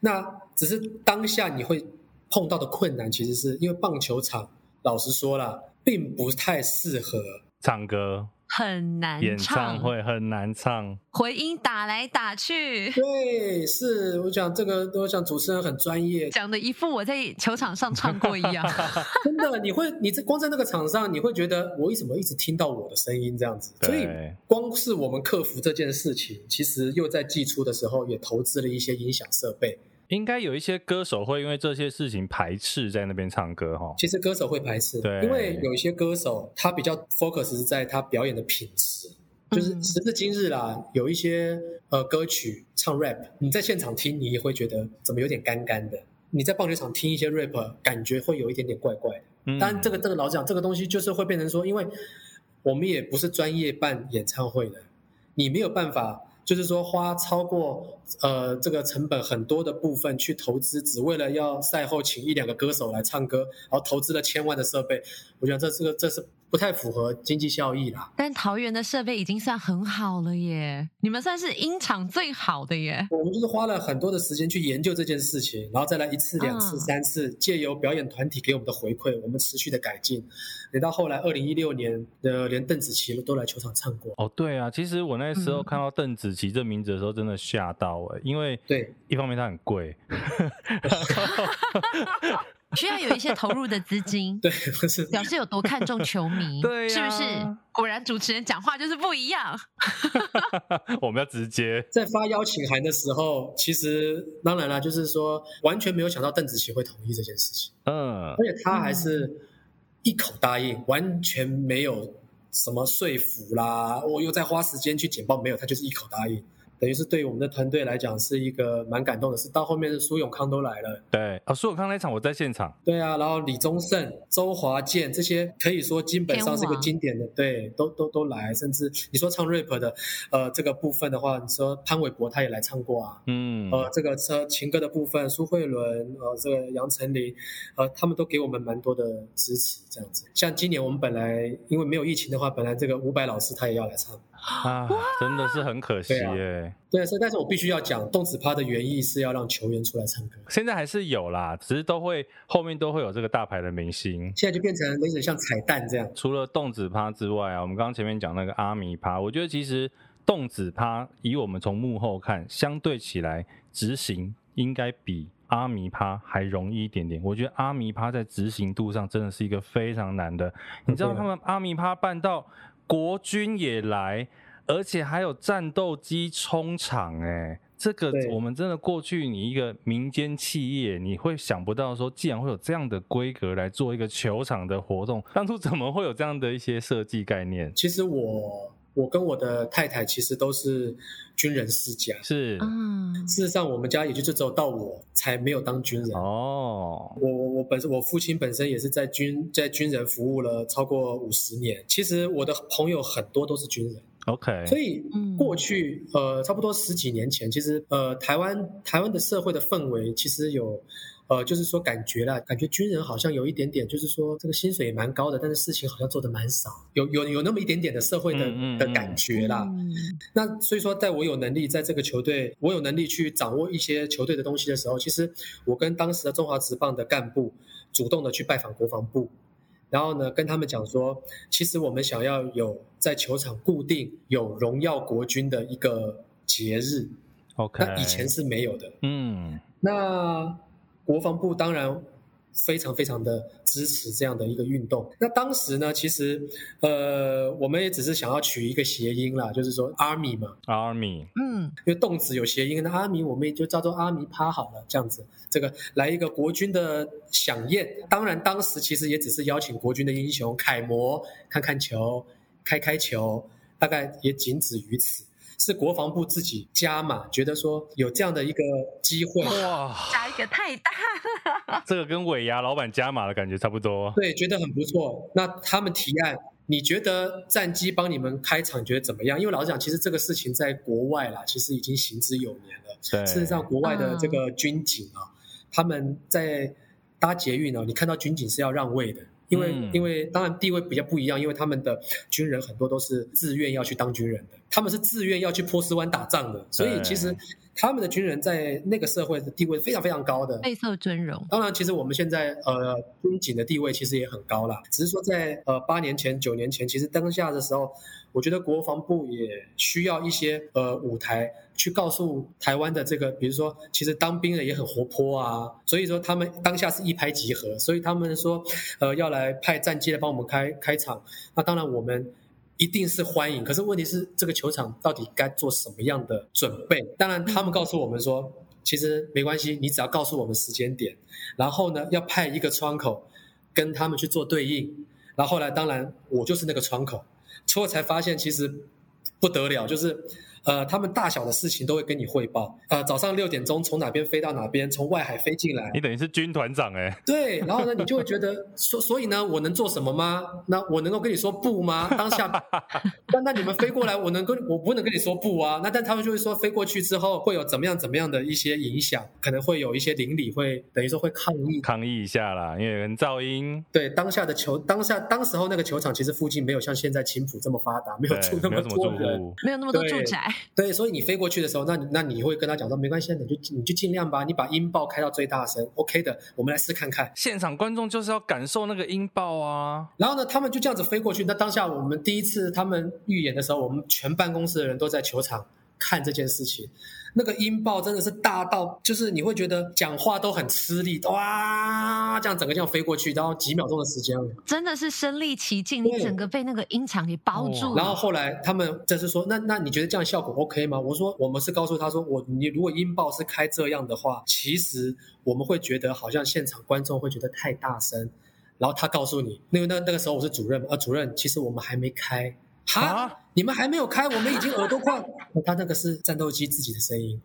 Speaker 3: 那只是當下你會碰到的困難，其實是因為棒球場。老實說啦，並不太適合
Speaker 1: 唱歌，
Speaker 2: 很難唱演唱會，
Speaker 1: 很難唱，
Speaker 2: 回音打來打去。對，是我講這個，都像主持人很專業，講的一副我在球場上唱過一樣。
Speaker 3: 真的，你會，你在光在那個場上，你會覺得我為什麼一直聽到我的聲音這樣子？所以，光是我們克服這件事情，其實又在季初的時候也投資了一些音響設備。應
Speaker 1: 該有一些歌手會因為這些事情排斥在那邊唱歌哈。其實歌手會排斥對，因為
Speaker 3: 有一些歌手他比較 focus 是在他表演的品質，嗯，就是時至今日啦，有一些呃歌曲唱 rap，你在現場聽你也會覺得怎麼有點乾乾的；你在棒球場聽一些 rap，感覺會有一點點怪怪的，嗯。但這個這個老實講這個東西，就是會變成說，因為我們也不是專業辦演唱會的，你沒有辦法。就是說，花超過呃這個成本很多的部分去投資，只為了要賽後請一兩個歌手來唱歌，然後投資了千萬的設備，我覺得這是個這是。不太符合經濟效益啦，
Speaker 2: 但桃園的設備已經算很好了耶，你們算是音場最好的耶。
Speaker 3: 我們就是花了很多的時間去研究這件事情，然後再來一次、兩次、三次，借由表演團體給我們的回饋，我們持續的改進。等到後來，二零一六年的連鄧紫棋都來球場唱過。
Speaker 1: 哦，對啊，其實我那時候看到鄧紫棋這名字的時候，真的嚇到哎、欸，因為對一方面它很貴。
Speaker 2: 需要有一些投入的資金， 對不是，表示有多看重球迷， 對啊、是不是？果然主持人講話就是不一樣。
Speaker 3: 我們要直接在發邀請函的時候，其實當然了，就是說完全沒有想到鄧紫棋會同意這件事情，
Speaker 2: 嗯，而且她還
Speaker 3: 是一口答應、嗯，完全沒有什麼說服啦，我又再花時間去簡報，沒有，她就是一口答應。等於是對於我們的團隊來講是一個蠻感動的事。到後面是蘇永康都來了，對啊，蘇永康那一場我在現場。對啊，然後李宗盛、周華健這些可以說基本上是一個經典的，對，都都都來，甚至你說唱 rap 的，呃，這個部分的話，你說潘瑋柏他也來唱過啊，嗯，呃，這個車，情歌的部分，蘇慧倫，呃，這個楊丞琳，呃，他們都給我們蠻多的支持，這樣子。像今年我們本來因為沒有疫情的話，本來這個伍佰老師他也要來唱。啊，真
Speaker 1: 的是很可惜耶、
Speaker 3: 欸啊。對，所以但是我必須要講，動子趴的原意是要讓球員出來唱歌。現在還是有啦，只是都會後面都會有這個大牌的明星。現在就變成有點
Speaker 1: 像彩蛋這樣。除了動子趴之外啊，我們剛剛前面講那個阿彌趴，我覺得其實動子趴以我們從幕後看，相對起來執行應該比阿彌趴還容易一點點。我覺得阿彌趴在執行度上真的是一個非常難的。嗯、你知道他們阿彌趴辦到。國軍也來，而且還有戰鬥機衝場，誒，這個我們真的過去，你一個民間企業，你會想不到說，既然會有這樣的規格來做一個球場的活動，
Speaker 3: 當初怎麼會有這樣的一些設計概念？其實我。我跟我的太太其實都是軍人世家，是，事實上我們家也就是只有到我才沒有當軍人哦、oh.。我我我本身我父親本身也是在軍在軍人服務了超過五十年。其實我的朋友很多都是軍人，OK。所以過去，嗯、呃差不多十幾年前，其實呃台灣台灣的社會的氛圍其實有。呃，就是說感覺啦，感覺軍人好像有一點點，就是說這個薪水也蠻高的，但是事情好像做的蠻少，有有有那麼一點點的社會的嗯嗯嗯的感覺啦。嗯、那所以說，在我有能力在這個球隊，我有能力去掌握一些球隊的東西的時候，其實我跟當時的中華職棒的幹部主動的去拜訪國防部，然後呢跟他們講說，其實我們想要有在球場固定有榮耀國軍的一個節日，OK，那以前是沒有的，嗯，那。國防部當然非常非常的支持這樣的一個運動。那當時呢，其實呃，我們也只是想要取一個諧音啦，就是說阿 y 嘛，阿 y 嗯，
Speaker 2: 因
Speaker 3: 為動詞有諧音，那阿 y 我們也就叫做阿彌趴好了，這樣子。這個來一個國軍的響應，當然當時其實也只是邀請國軍的英雄楷模看看球、開開球，大概也僅止於此。是國防部自己加碼，覺得說有這樣的一個機會，哇，
Speaker 2: 加一個太大了。
Speaker 3: 這個跟尾牙老闆加碼的感覺差不多。對，覺得很不錯。那他們提案，你覺得戰機幫你們開場，覺得怎麼樣？因為老實講，其實這個事情在國外啦，其實已經行之有年了。事實上，國外的這個軍警啊，嗯、他們在搭捷運呢、啊，你看到軍警是要讓位的，因為、嗯、因為當然地位比較不一樣，因為他們的軍人很多都是自願要去當軍人的。他們是自願要去波斯灣打仗的，所以其實他們的軍人在那個社會的地位是非常非常高的，備
Speaker 2: 受尊榮。
Speaker 3: 當然，其實我們現在呃，軍警的地位其實也很高啦，只是說在呃八年前、九年前，其實當下的時候，我覺得國防部也需要一些呃舞台，去告訴台灣的這個，比如說，其實當兵的也很活潑啊。所以說他們當下是一拍即合，所以他們說，呃，要來派戰機來幫我們開開場。那當然我們。一定是歡迎，可是問題是這個球場到底該做什麼樣的準備？當然，他們告訴我們說，其實沒關係，你只要告訴我們時間點，然後呢，要派一個窗口跟他們去做對應。然後，後來，當然我就是那個窗口，之後才發現其實不得了，就是。呃，他們大小的事情都會跟你匯報。呃，早上六點鐘從哪邊飛到哪邊，從外海飛進來。你等於是軍團長哎、欸。對，然後呢，你就會覺得，所所以呢，我能做什麼嗎？那我能夠跟你說不嗎？當下，但 那你們飛過來，我能跟我不能跟你說不啊。那但他們就會說，飛過去之後會有怎麼樣怎麼樣的一些影響，可能會有一些鄰里會等於說會抗議，抗議一下啦，因為有人噪音。對，當下的球，當下當時候那個球場其實附近沒有像現在青埔這麼發達，沒有那麼多人，沒有那麼多住宅。對，所以你飛過去的時候，那你那你會跟他講說，沒關係，你就你就盡量吧，你把音爆開到最大聲，OK 的，我們來試看看。現場觀眾就是要感受那個音爆啊。然後呢，他們就這樣子飛過去。那當下我們第一次他們預演的時候，我們全辦公室的人都在球場。看這件事情，那個音爆真的是大到，就是你會覺得講話都很吃力，哇，這樣整個這樣飛過去，然後幾秒鐘的時間，
Speaker 2: 真的是身歷其境，你整個被那個音場給包住、嗯嗯。然後
Speaker 3: 後來他們就是說，那那你覺得這樣效果 OK 嗎？我說我們是告訴他說我你如果音爆是開這樣的話，其實我們會覺得好像現場觀眾會覺得太大聲。然後他告訴你，因為那個、那個時候我是主任，啊、呃、主任其實我們還沒開。啊！你們還沒有開，我們已經耳朵快 他那個是戰鬥機自己的聲音。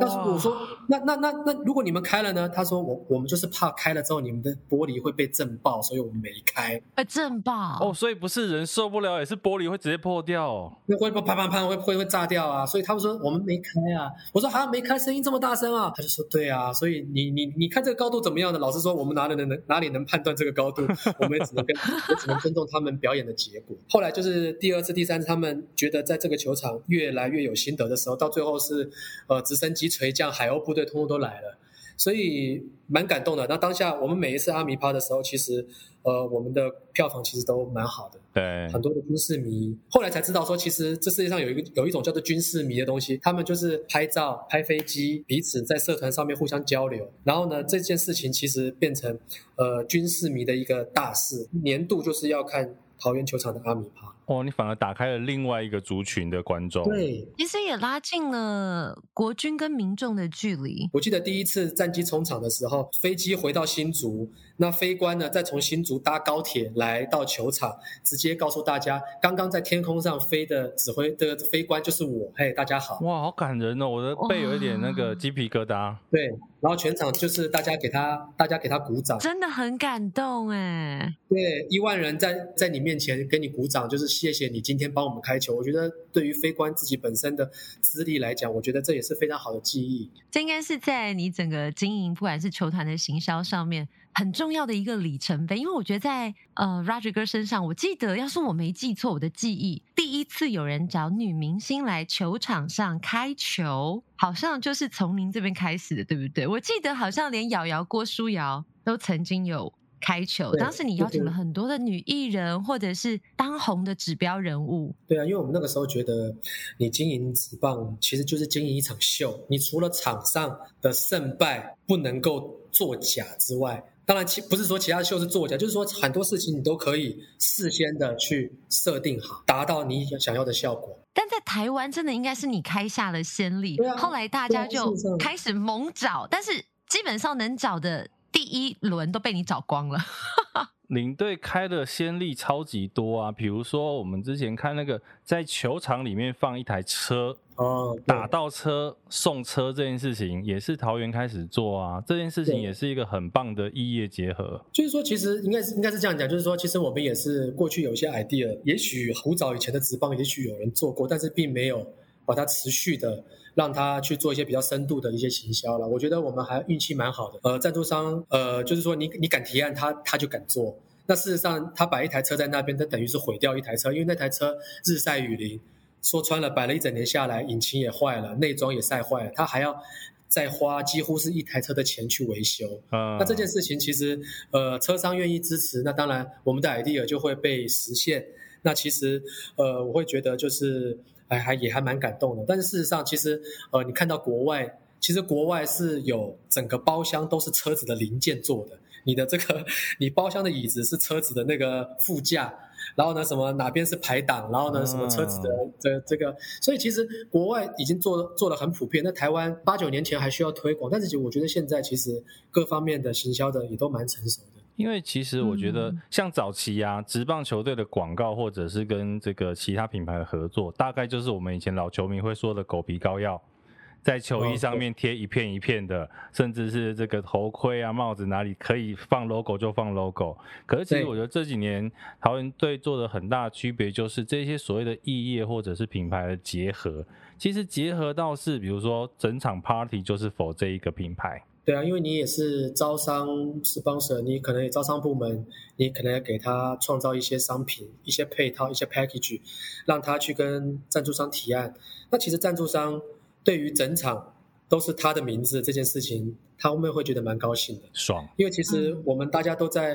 Speaker 3: 但是我說，那那那那，如果你們開了呢？他說，我我們就是怕開了之後你們的玻璃會被震爆，所以我們沒開。哎，震爆哦，所以不是人受不了，也是玻璃會直接破掉，哦，會不啪啪啪會會會炸掉啊！所以他們說我們沒開啊。我說好像沒開，聲音這麼大聲啊！他就說對啊，所以你你你看這個高度怎麼樣呢？老師說我們哪裡能能哪裡能判斷這個高度？我們也只能跟，我 只能尊重他們表演的結果。後來就是第二次、第三次，他們覺得在這個球場越來越有心得的時候，到最後是呃直升。擊錘將海鷗部隊通通都來了，所以蠻感動的。那當下我們每一次阿米趴的時候，其實呃，我們的票房其實都蠻好的。對，很多的軍事迷，後來才知道說，其實這世界上有一個有一種叫做軍事迷的東西，他們就是拍照、拍飛機，彼此在社團上面互相交流。然後呢，這件事情其實變成呃軍事迷的一個大事，年度就是要看桃園球場的阿米趴。
Speaker 1: 哦，你反而打開了另外一個族群的觀眾。對，
Speaker 2: 其實也拉近了國軍跟民眾的距離。
Speaker 3: 我記得第一次戰機衝場的時候，飛機回到新竹，那飛官呢，再從新竹搭高鐵來到球場，直接告訴大家，剛剛在天空上飛的指揮的飛官就是我。嘿、hey，大家好！哇，好感人哦，我的背有一點那個雞皮疙瘩。Oh. 對，然後全場就是大家給他，大家給他鼓掌，真
Speaker 2: 的很感動哎。
Speaker 3: 對，一萬人在在你面前給你鼓掌，就是。謝謝你今天幫我們開球，我覺得對於飛官自己本身的資歷來講，我覺得這也是非常好的記憶。
Speaker 2: 這應該是在你整個經營，不管是球團的行銷上面，很重要的一個里程碑。因為我覺得在呃 Roger 哥身上，我記得要是我沒記錯我的記憶，第一次有人找女明星來球場上開球，好像就是從您這邊開始的，對不對？我記得好像連瑤瑤、郭書瑤都曾經有開球，當時你邀請了很多的女藝人或者是當紅的指標人物。
Speaker 3: 對啊，因為我們那個時候覺得，你經營職棒其實就是經營一場秀。你除了場上的勝敗不能夠作假之外，當然其不是說其他秀是作假，就是說很多事情你都可以事先的去設定好，達到你想要的效果。
Speaker 2: 但在台灣，真的應該是你開下了先例，啊，後來大家就開始猛找，啊，但是基本上能找的。第一輪都被你找光了
Speaker 1: 領隊開的先例超級多啊，比如說我們之前看那個在球場裡面放一台車，哦，打到車送車這件事情，也是桃猿開始做啊。這件事情也是一個很棒的異業結合。
Speaker 3: 就是說，其實應該是應該是這樣講，就是說，其實我們也是過去有一些 idea，也許很早以前的職棒，也許有人做過，但是並沒有。把它持續的讓他去做一些比較深度的一些行銷了。我覺得我們還運氣蠻好的。呃，贊助商，呃，就是說你你敢提案，他他就敢做。那事實上，他擺一台車在那邊，他等於是毀掉一台車，因為那台車日曬雨淋，說穿了，擺了一整年下來，引擎也壞了，內裝也曬壞了，他還要再花幾乎是一台車的錢去維修。啊，那這件事情其實，呃，車商願意支持，那當然我們的 idea 就會被實現。那其實，呃，我會覺得就是。哎，還也還蠻感動的，但是事實上，其實呃，你看到國外，其實國外是有整個包廂都是車子的零件做的，你的這個你包廂的椅子是車子的那個副駕，然後呢，什麼哪邊是排擋，然後呢，什麼車子的、oh. 這這個，所以其實國外已經做做得很普遍，那台灣八九年前還需要推廣，但是其實我覺得現在其實各方面的行銷的也都蠻成熟的。
Speaker 1: 因為其實我覺得，像早期啊，職棒球隊的廣告，或者是跟這個其他品牌的合作，大概就是我們以前老球迷會說的“狗皮膏藥”，在球衣上面貼一片一片的，okay. 甚至是這個頭盔啊、帽子哪裡可以放 logo 就放 logo。可是其實我覺得這幾年對桃猿隊做的很大區別就是這些所謂的異業或者是品牌的結合，其實結合到是，比如說整場 party 就是 for 這一個品牌。
Speaker 3: 對啊，因為你也是招商 sponsor，你可能也招商部門，你可能要給他創造一些商品、一些配套、一些 package，讓他去跟贊助商提案。那其實贊助商對於整場都是他的名字這件事情，他後面會覺得蠻高興的，爽。因為其實我們大家都在、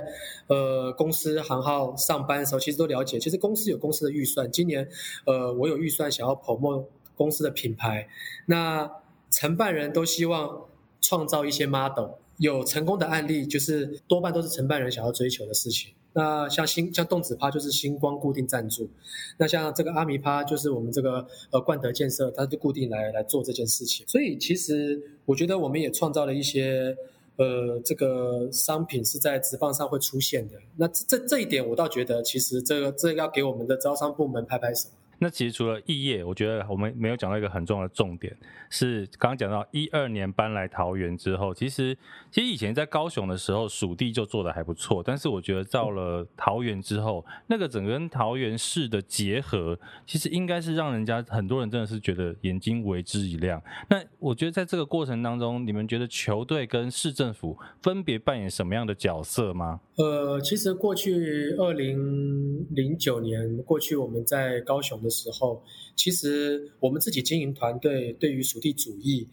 Speaker 3: 嗯、呃公司行號上班的時候，其實都了解，其實公司有公司的預算。今年呃，我有預算想要 promote 公司的品牌，那承辦人都希望。創造一些 model，有成功的案例，就是多半都是承辦人，想要追求的事情。那像星像動子趴就是星光固定贊助，那像這個阿彌趴就是我們這個呃冠德建設，他就固定來來做這件事情。所以其實我覺得我們也創造了一些呃這個商品是在職棒上會出現的。那這這一點我倒覺得，其實這個這個要給我們的招商部門拍拍手。
Speaker 1: 那其實除了異業，我覺得我們沒有講到一個很重要的重點，是剛剛講到一二年搬來桃園之後，其實其實以前在高雄的時候，屬地就做得還不錯，但是我覺得到了桃園之後，那個整個跟桃園市的結合，其實應該是讓人家很多人真的是覺得眼睛為之一亮。那我覺得在這個過程當中，你們覺得球隊跟市政府分別扮演什麼樣的角色嗎？
Speaker 3: 呃，其實過去二零零九年過去我們在高雄的時候。時候，其實我們自己經營團隊對，對於屬地主義，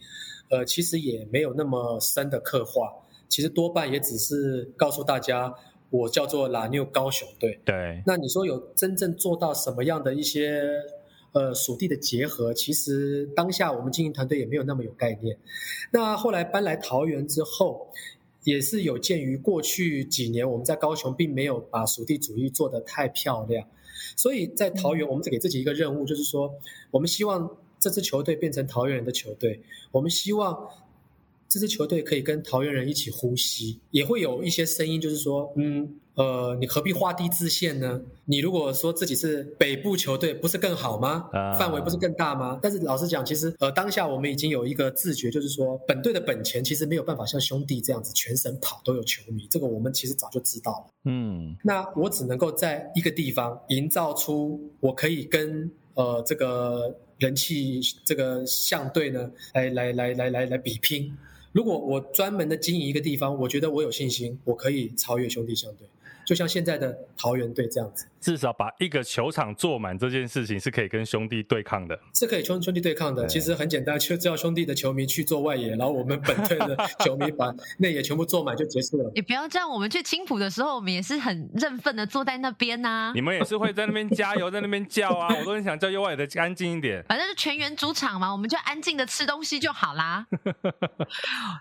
Speaker 3: 呃，其實也沒有那麼深的刻畫。其實多半也只是告訴大家，我叫做 La New 高雄隊。對。那你說有真正做到什麼樣的一些呃屬地的結合？其實當下我們經營團隊也沒有那麼有概念。那後來搬來桃園之後，也是有鑑於過去幾年我們在高雄並沒有把屬地主義做得太漂亮。所以在桃園，我們只給自己一個任務，就是說，我們希望這支球隊變成桃園人的球隊。我們希望。這支球隊可以跟桃園人一起呼吸，也會有一些聲音，就是說，嗯，呃，你何必畫地自限呢？你如果說自己是北部球隊，不是更好嗎？啊？範圍不是更大嗎？但是老實講，其實呃，當下我們已經有一個自覺，就是說，本隊的本錢其實沒有辦法像兄弟這樣子全省跑都有球迷，這個我們其實早就知道了。嗯，那我只能夠在一個地方營造出我可以跟呃這個人氣這個相對呢，來來來來來來比拼，如果我專門的經營一個地方，我覺得我有信心，我可以超越兄弟相對，就像現在的桃猿隊這樣子。
Speaker 1: 至少把一個球場坐滿這件事情是可以跟兄弟對抗的，
Speaker 3: 是可以兄兄弟對抗的，對。其實很簡單，就叫兄弟的球迷去做外野，然後我們本隊的球迷把內野全部坐滿就結束了。
Speaker 2: 也不要這樣，我們去青埔的時候，我們也是很認份的坐在那邊吶、啊。你
Speaker 1: 們也是會在那邊加油，在那邊叫啊，我都很想叫右外野的安靜一點。
Speaker 2: 反正，是全猿主場嘛，我們就安靜的吃東西就好啦。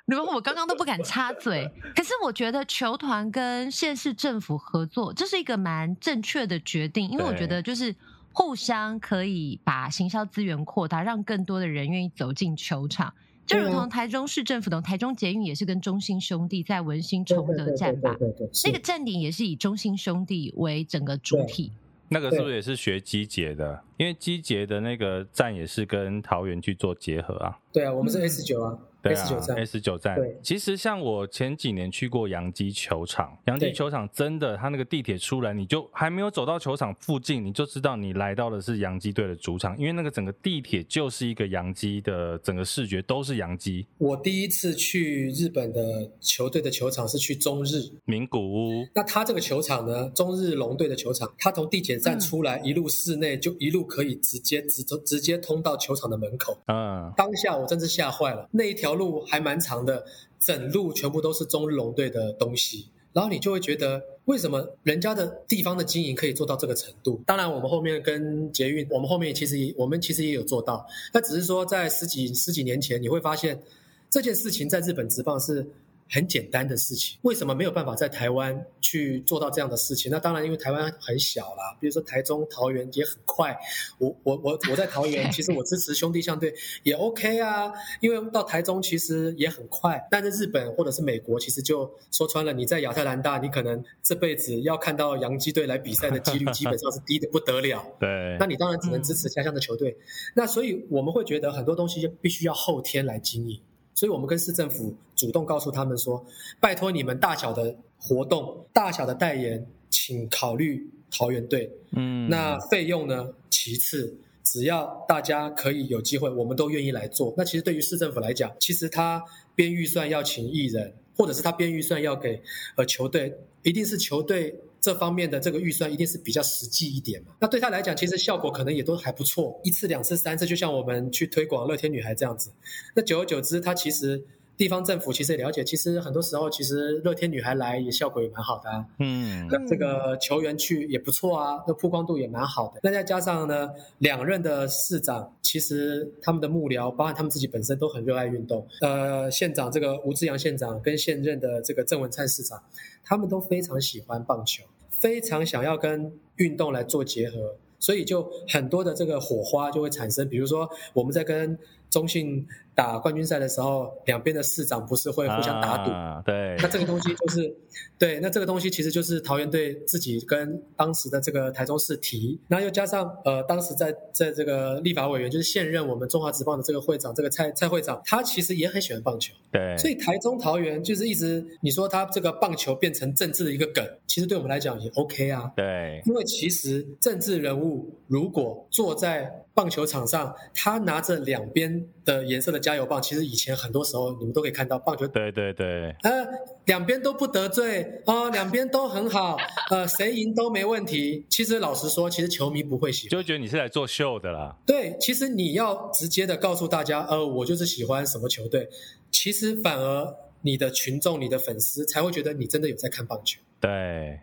Speaker 2: 你 們我剛剛都不敢插嘴，可是我覺得球團跟縣市政府合作，這是一個蠻正確的的決定，因為我覺得就是互相可以把行銷資源擴大，讓更多的人願意走進球場。就如同台中市政府的台中捷運，也是跟中信兄弟在文心崇德站吧，對對。那個站點也是以中信兄弟為整個主體。
Speaker 1: 那個是不是也是學機捷的？因為機捷的那個站也是跟桃園去做結合啊。對啊，我們是 S 九啊。對啊，S 九站，S 九站。對，其實像我前幾年去過洋基球場，洋基球場真的，它那個地鐵出來，你就還沒有走到球場附近，你就知道你來到的是洋基隊的主場，因為那個整個地鐵就是一個
Speaker 3: 洋基的，整個視覺都是洋基。我第一次去日本的球隊的球場是去中日名古屋，那他這個球場呢，中日龍隊的球場，他從地鐵站出來、嗯、一路室內就一路可以直接直直直接通到球場的門口。
Speaker 1: 嗯，
Speaker 3: 當下我真是嚇壞了，那一條。條路還蠻長的，整路全部都是中日龍隊的東西，然後你就會覺得為什麼人家的地方的經營可以做到這個程度？當然，我們後面跟捷運，我們後面其實我們其實也有做到，那只是說在十幾十幾年前，你會發現這件事情在日本職棒是很簡單的事情，為什麼沒有辦法在台灣去做到這樣的事情？那當然，因為台灣很小啦。比如說，台中、桃園也很快。我、我、我、我在桃園，其實我支持兄弟象隊也 OK 啊。 因為到台中其實也很快。但是日本或者是美國，其實就說穿了，你在亞特蘭大，你可能這輩子要看到洋基隊來比賽的幾率基本上是低的不得了。 對，那你當然只能支持家鄉的球隊、嗯。那所以我們會覺得很多東西就必須要後天來經營。所以我們跟市政府主動告訴他們說，拜托你們大小的活動、大小的代言，請考慮桃猿隊。嗯，那費用呢？其次，只要大家可以有機會，我們都願意來做。那其實對於市政府來講，其實他編預算要請藝人，或者是他編預算要給呃球隊，一定是球隊。這方面的這個預算一定是比較實際一點嘛。那對他來講，其實效果可能也都還不錯，一次、兩次、三次，就像我們去推廣樂天女孩這樣子，那久而久之，他其實。地方政府其實也了解，其實很多時候，其實樂天女孩來也效果也蠻好的啊。
Speaker 2: 嗯，這
Speaker 3: 個球員去也不錯啊，那曝光度也蠻好的。那再加上呢，兩任的市長其實他們的幕僚，包括他們自己本身都很熱愛運動。呃，縣長這個吳志揚縣長跟現任的這個鄭文燦市長，他們都非常喜歡棒球，非常想要跟運動來做結合，所以就很多的這個火花就會產生。比如說，我們在跟中信。打冠軍賽的時候，兩邊的市長不是會互相打賭？啊，對，那這個東西就是對，那這個東西其實就是桃園隊自己跟當時的這個台中市提，那又加上呃，當時在在這個立法委員，就是現任我們中華職棒的這個會長，這個蔡蔡會長，他其實也很喜歡棒球，對，所以台中桃園就是一直你說他這個棒球變成政治的一個梗，其實對我們來講也 OK 啊，對，因為其實政治人物如果坐在棒球場上，他拿着兩邊。呃顏色的加油棒，其實以前很多時候你們都可以看到棒就，棒球對對對，呃，兩邊都不得罪啊、哦，兩邊都很好，呃，誰贏都沒問題。其實老實說，其實球迷不會喜歡，就覺得你是來做秀的啦。對，其實你要直接的告訴大家，呃，我就是喜歡什麼球隊，其實反而。你的群眾、你的粉絲才會覺得你真的有在看棒球。對。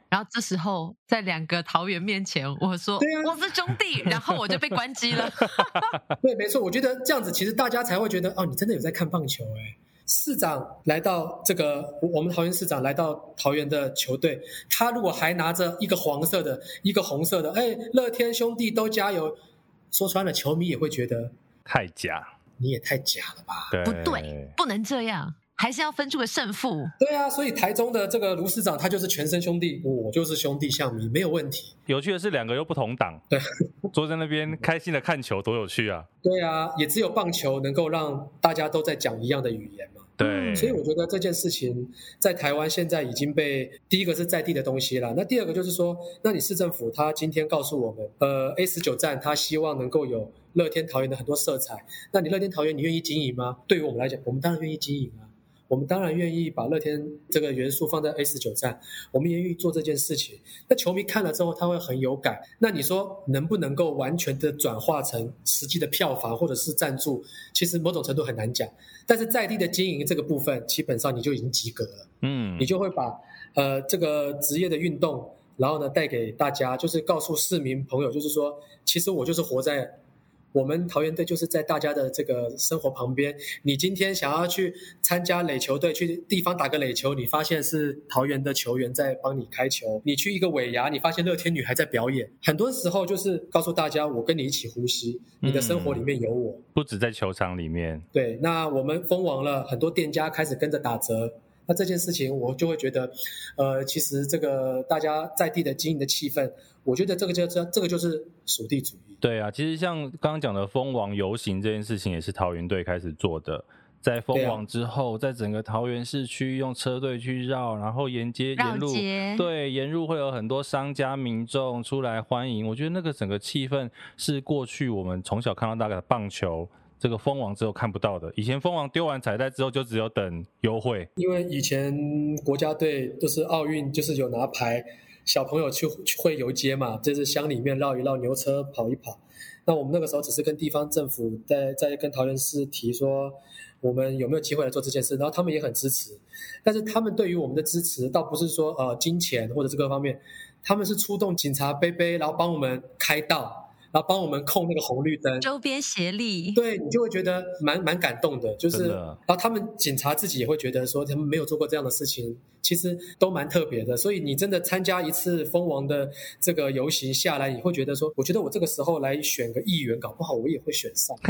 Speaker 2: 然後這時候在兩個桃猿面前，我說對、啊、我是兄弟，然後我就被關機了。 對，沒錯，我覺得這
Speaker 3: 樣子其實大家才會覺得哦，你真的有在看棒球、欸。哎，市長來到這個，我們桃園市長來到桃園的球隊，他如果還拿着一個黃色的、一個紅色的，哎、欸，樂天兄弟都加油，說穿了，球迷也會覺得太假，你也太假了吧？對，不對，
Speaker 2: 不能這樣。還是要分出個勝負。對
Speaker 3: 啊，所以台中的這個盧市長，他就是全身兄弟，我就是兄弟象迷，你沒有問題。有趣
Speaker 1: 的是，兩個又不同黨，對，坐在那邊開心的看球，多有趣啊！
Speaker 3: 對啊，也只有棒球能夠讓大家都在講一樣的語言嘛。對，所以我覺得這件事情在台灣現在已經被第一個是在地的東西啦，那第二個就是說，那你市政府他今天告訴我們，呃，A 十九站他希望能夠有樂天桃猿的很多色彩，那你樂天桃猿你願意經營嗎？對於我們來講，我們當然願意經營啊。我們當然願意把樂天這個元素放在 A19 站，我們也願意做這件事情。那球迷看了之後，他會很有感。那你說能不能夠完全的轉化成實際的票房或者是贊助？其實某種程度很難講。但是在地的經營這個部分，基本上你就已經及格了。嗯，你就會把呃這個職業的運動，然後呢帶給大家，就是告訴市民朋友，就是說，其實我就是活在。我們桃園隊就是在大家的這個生活旁邊，你今天想要去參加壘球隊，去地方打個壘球，你發現是桃園的球員在幫你開球。你去一個尾牙，你發現樂天女孩在表演。很多時候就是告訴大家，我跟你一起呼吸，你的生活裡面有我。嗯，不止在球場裡面。對，那我們封王了，很多店家開始跟着打折。那這件事情我就會覺得，呃，其實這個大家在地的經營的氣氛。我覺得這個叫、就、這、是，這個就是屬地主
Speaker 1: 義。對啊，其實像剛剛講的封王遊行這件事情，也是桃猿隊開始做的。在封王之後、啊，在整個桃園市區用車隊去繞，然後沿街沿路，對，沿路會有很多商家民眾出來歡迎。我覺得那個整個氣氛是過去我們從小看到大的棒球，這個封王之後看不到的。以前封王丟完彩帶之後，就只有等優惠，
Speaker 3: 因為以前國家隊都是奧運就是有拿牌。小朋友去去會遊街嘛？這、就是鄉裡面繞一繞，牛車跑一跑。那我們那個時候只是跟地方政府在在跟桃園市提說，我們有沒有機會來做這件事？然後他們也很支持。但是他們對於我們的支持，倒不是說呃金錢或者是各個方面，他們是出動警察背背，然後幫我們開道，然後幫我們控那個紅綠燈。
Speaker 2: 周邊協力，對你就會
Speaker 3: 覺得蠻蠻感動的，就是、啊。然後他們警察自己也會覺得說，他們沒有做過這樣的事情。其實都蠻特別的，所以你真的參加一次封王的這個遊行下來，你會覺得說，我覺得我這個時候來選個議員，搞不好我也會選上。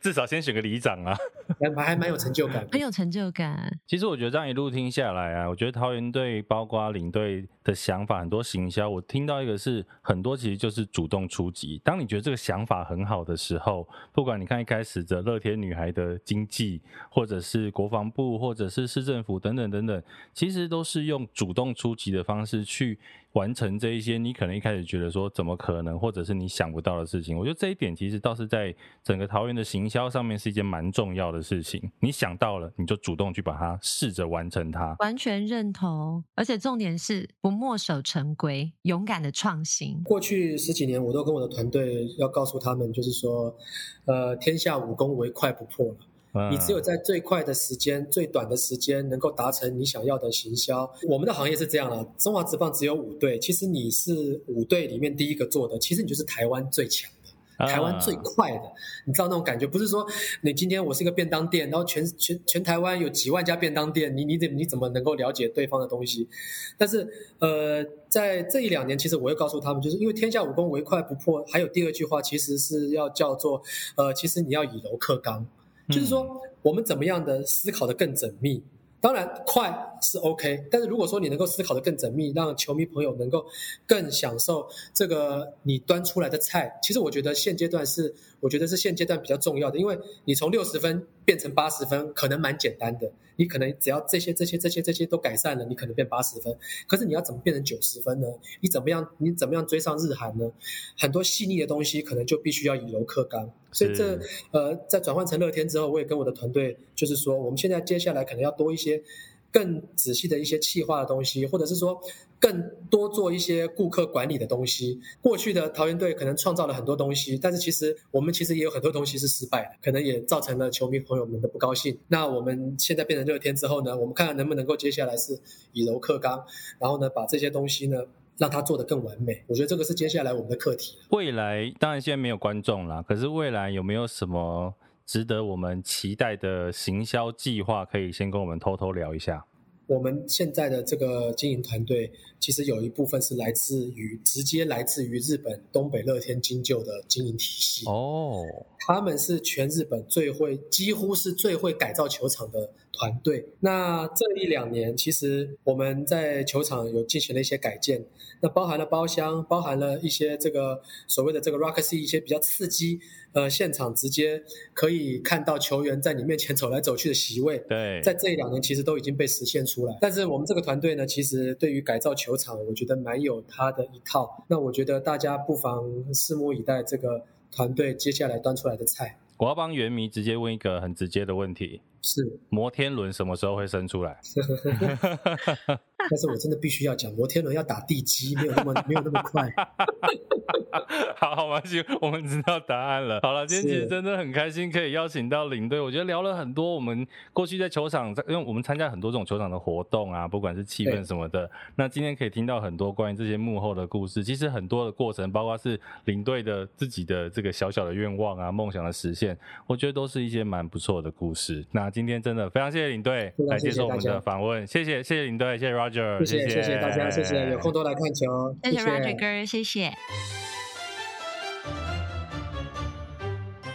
Speaker 1: 至少先選個里長啊，
Speaker 3: 還蠻還蠻有成就感，
Speaker 2: 很有成就感。
Speaker 1: 其實我覺得這樣一路聽下來啊，我覺得桃猿隊包括阿領隊的想法很多行銷，我聽到一個是很多其實就是主動出擊。當你覺得這個想法很好的時候，不管你看一開始的樂天女孩的經濟，或者是國防。或者是市政府等等等等，其實都是用主動出擊的方式去完成這一些。你可能一開始覺得說怎麼可能，或者是你想不到的事情。我覺得這一點其實倒是在整個桃園的行銷上面是一件蠻重要的事情。你想到了，你就主動去把它試着完成它。
Speaker 2: 完全認同，而且重點是不墨守成規，勇敢的創新。
Speaker 3: 過去十幾年，我都跟我的團隊要告訴他們，就是說，呃，天下武功唯快不破了。你只有在最快的時間、最短的時間，能夠達成你想要的行銷。我們的行業是這樣了，中華職棒只有五隊，其實你是五隊裡面第一個做的，其實你就是台灣最強的，
Speaker 1: 台灣最
Speaker 3: 快的。你知道那種感覺？不是說你今天我是一個便當店，然後全全全台灣有幾萬家便當店，你你怎你怎麼能夠了解對方的東西？但是呃，在這一兩年，其實我又告訴他們，就是因為天下武功唯快不破，還有第二句話，其實是要叫做呃，其實你要以柔克剛。就是說，我們怎麼樣的思考的更縝密？當然，快是 OK，但是如果說你能夠思考的更縝密，讓球迷朋友能夠更享受這個你端出來的菜，其實我覺得現階段是。我覺得是現階段比較重要的，因為你從六十分變成八十分可能蠻簡單的，你可能只要這些這些這些這些都改善了，你可能變八十分。可是你要怎麼變成九十分呢？你怎麼樣？你怎麼樣追上日韓呢？很多細膩的東西可能就必須要以柔克剛。所以這呃，在轉換成樂天之後，我也跟我的團隊就是說，我們現在接下來可能要多一些更仔細的一些企劃的東西，或者是說。更多做一些顧客管理的東西。過去的桃猿隊可能創造了很多東西，但是其實我們其實也有很多東西是失敗的，可能也造成了球迷朋友們的不高興。那我們現在變成樂天之後呢，我們看看能不能夠接下來是以柔克剛，然後呢，把這些東西呢讓它做得更完美。我覺得這個是接下來我們的課題。
Speaker 1: 未來當然現在沒有觀眾啦，可是未來有沒有什麼值得我們期待的行銷計劃，可以先跟我們偷偷聊一下？
Speaker 3: 我們現在的這個經營團隊，其實有一部分是來自於直接來自於日本東北樂天金鷲的經營體系。哦，他們是全日本最會，幾乎是最會改造球場的團隊。那這一兩年，其實我們在球場有進行了一些改建，那包含了包廂，包含了一些這個所謂的這個 Rocky 一些比較刺激。呃，現場直接可以看到球員在你面前走來走去的席位。對，在這一兩年其實都已經被實現出來。但是我們這個團隊呢，其實對於改造球場，我覺得蠻有他的一套。那我覺得大家不妨拭目以待這個團隊接下來端出來的菜。
Speaker 1: 我要幫猿迷直接問一個很直接的問題。是摩天輪什麼時候會生出來？
Speaker 3: 但是我真的必須要講，摩天輪要打地基，沒有
Speaker 1: 那麼沒有那麼快。 好，好，沒關係，我們知道答案了。好了，今天其實真的很開心，可以邀請到領隊。我覺得聊了很多，我們過去在球場，在因為我們參加很多這種球場的活動啊，不管是氣氛什麼的、欸。那今天可以聽到很多關於這些幕後的故事。其實很多的過程，包括是領隊的自己的這個小小的願望啊、夢想的實現，我覺得都是一些蠻不錯的故事。那。那今天真的非常謝謝領隊來接受我們的訪問，謝謝謝謝領隊，謝謝 Roger，謝謝謝謝大家，謝謝有空多來看球。謝
Speaker 3: 謝，謝謝 Roger
Speaker 2: 哥，謝謝。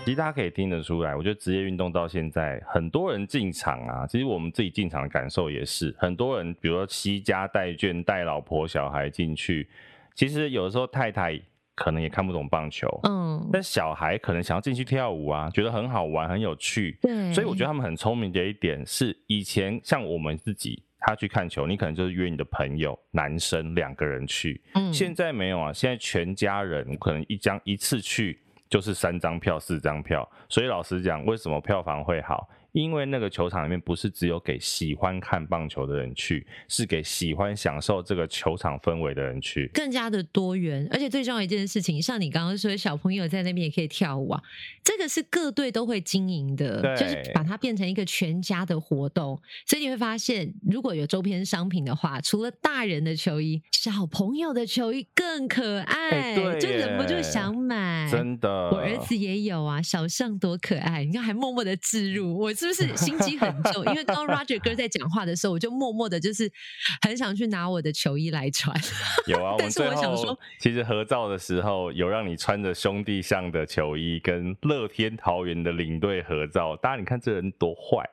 Speaker 1: 其實大家可以聽得出來，我覺得職業運動到現在，很多人進場啊，其實我們自己進場的感受也是很多人，比如說攜家帶眷，帶老婆小孩進去，其實有的時候太太。可能也看不懂棒球，嗯，但小孩可能想要進去跳舞啊，覺得很好玩，很有趣，嗯，所以我覺得他們很聰明的一點是，以前像我們自己，他去看球，你可能就是約你的朋友，男生兩個人去，嗯，現在沒有啊，現在全家人可能一張一次去就是三張票、四張票，所以老實講，為什麼票房會好？因為那個球場裡面不是只有給喜歡看棒球的人去，是給喜歡享受這個球場氛圍的人去，
Speaker 2: 更加的多元。而且最重要一件事情，像你剛剛說，小朋友在那邊也可以跳舞啊，這個是各隊都會經營的，對，就是把它變成一個全家的活動。所以你會發現，如果有周邊商品的話，除了大人的球衣，小朋友的球衣更可愛，欸、對，就忍不住想買。真的，我兒子也有啊，小象多可愛，你看還默默的置入我，是不是心機很重？因為剛剛 Roger 哥在講話的時候，我就默默的，就是很想去拿我的球衣來穿。
Speaker 1: 有啊， 但是我想說，其實合照的時候有讓你穿着兄弟象的球衣跟樂天桃猿的領隊合照，大家你看這人多壞。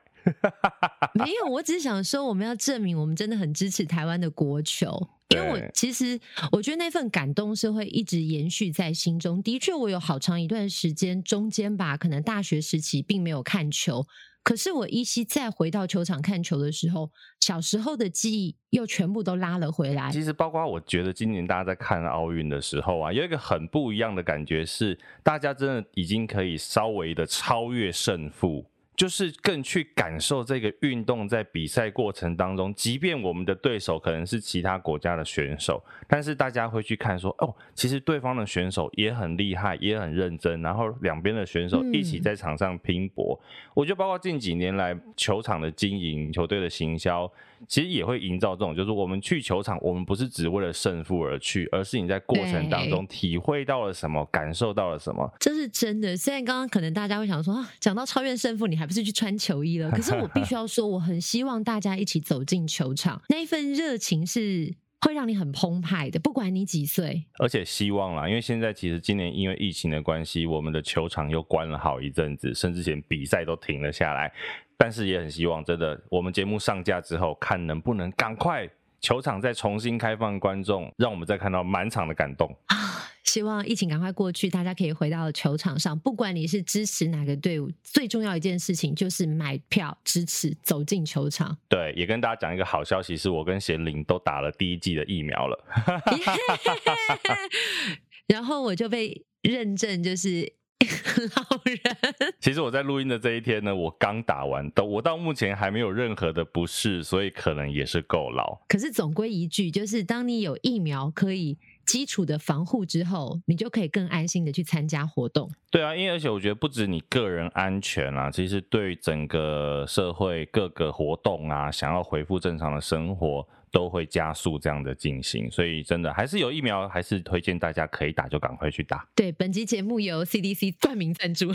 Speaker 2: 沒有，我只是想說，我們要證明我們真的很支持台灣的國球。因為我其實我覺得那份感動是會一直延續在心中。的確，我有好長一段時間中間吧，可能大學時期並沒有看球。可是我依稀再回到球場看球的時候，小時候的記憶又全部都拉了回來。其
Speaker 1: 實，包括我覺得今年大家在看奧運的時候啊，有一個很不一樣的感覺是，是大家真的已經可以稍微的超越勝負。就是更去感受這個運動在比賽過程當中，即便我們的對手可能是其他國家的選手，但是大家會去看說，哦，其實對方的選手也很厲害，也很認真，然後兩邊的選手一起在場上拼搏。嗯，我覺得，包括近幾年來球場的經營、球隊的行銷。其實也會營造這種，就是我們去球場，我們不是只為了勝負而去，而是你在過程當中體會到了什麼，欸、感受到了什麼。
Speaker 2: 這是真的。雖然剛剛可能大家會想說啊，講到超越勝負，你還不是去穿球衣了？可是我必須要說， 我很希望大家一起走進球場，那一份熱情是會讓你很澎湃的，不管你幾歲。
Speaker 1: 而且希望啦，因為現在其實今年因為疫情的關係，我們的球場又關了好一陣子，甚至連比賽都停了下來。但是也很希望，真的，我們節目上架之後，看能不能趕快球場再重新開放觀眾，讓我們再看到滿場的感動。
Speaker 2: 希望疫情趕快過去，大家可以回到球場上。不管你是支持哪個隊伍，最重要一件事情就是買票支持，走進球場。
Speaker 1: 對，也跟大家講一個好消息，是我跟賢齡都打了第一劑的疫苗了。
Speaker 2: Yeah ! 然後我就被認證，就是。
Speaker 1: 老人，其實我在錄音的這一天呢，我剛打完，到我到目前還沒有任何的不適，所以可能也是夠老。
Speaker 2: 可是總歸一句，就是當你有疫苗可以基礎的防護之後，你就可以更安心的去參加活動。
Speaker 1: 對啊，因為而且我覺得不止你個人安全啊，其實對整個社會各個活動啊，想要恢復正常的生活。都會加速這樣的進行，所以真的還是有疫苗，還是推薦大家可以打就趕快去打。
Speaker 2: 對，本集節目由 CDC 冠名贊助，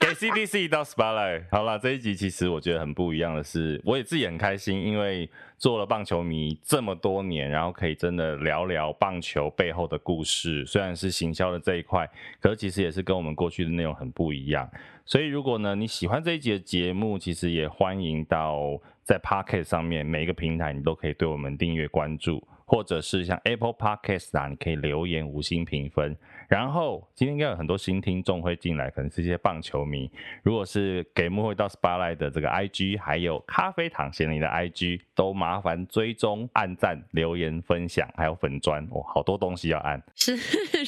Speaker 1: 給 CDC 一道 18Light。好了，這一集其實我覺得很不一樣的是，我也自己很開心，因為做了棒球迷這麼多年，然後可以真的聊聊棒球背後的故事，雖然是行銷的這一塊，可是其實也是跟我們過去的內容很不一樣。所以如果呢你喜歡這一集的節目，其實也歡迎到。在 Podcast 上面，每一個平台你都可以對我們訂閱關注，或者是像 Apple Podcast 啊，你可以留言五星評分。然後今天應該有很多新聽眾會進來，可能是一些棒球迷。如果是給幕後一道 18Light 的這個 IG，還有咖啡糖賢齡的 IG，都麻煩追蹤、按讚、留言、分享，還有粉專，我好多東西要按，
Speaker 2: 是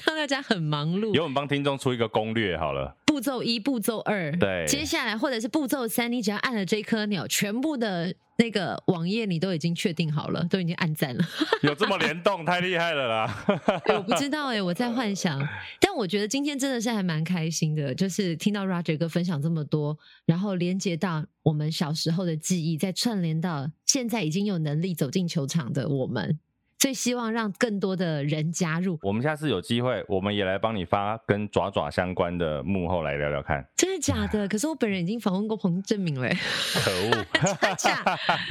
Speaker 2: 讓大家很忙碌。
Speaker 1: 由我們幫聽眾出一個攻略好了，
Speaker 2: 步驟一步驟二，對，接下來或者是步驟三，你只要按了這顆鈕，全部的。那個網頁你都已經確定好了，都已經按讚了。
Speaker 1: 有這麼聯動， 太厲害了啦！ 我不知
Speaker 2: 道誒、欸，我在幻想。但我覺得今天真的是還蠻開心的，就是聽到 Roger 哥分享這麼多，然後連接到我們小時候的記憶，再串聯到現在已經有能力走進球場的我們。最希望讓更多的人加入。
Speaker 1: 我們下次有機會，我們也來幫你發跟爪爪相關的幕後來聊聊看。
Speaker 2: 真的假的？啊、可是我本人已經訪問過彭政閔了。可惡！ 恰恰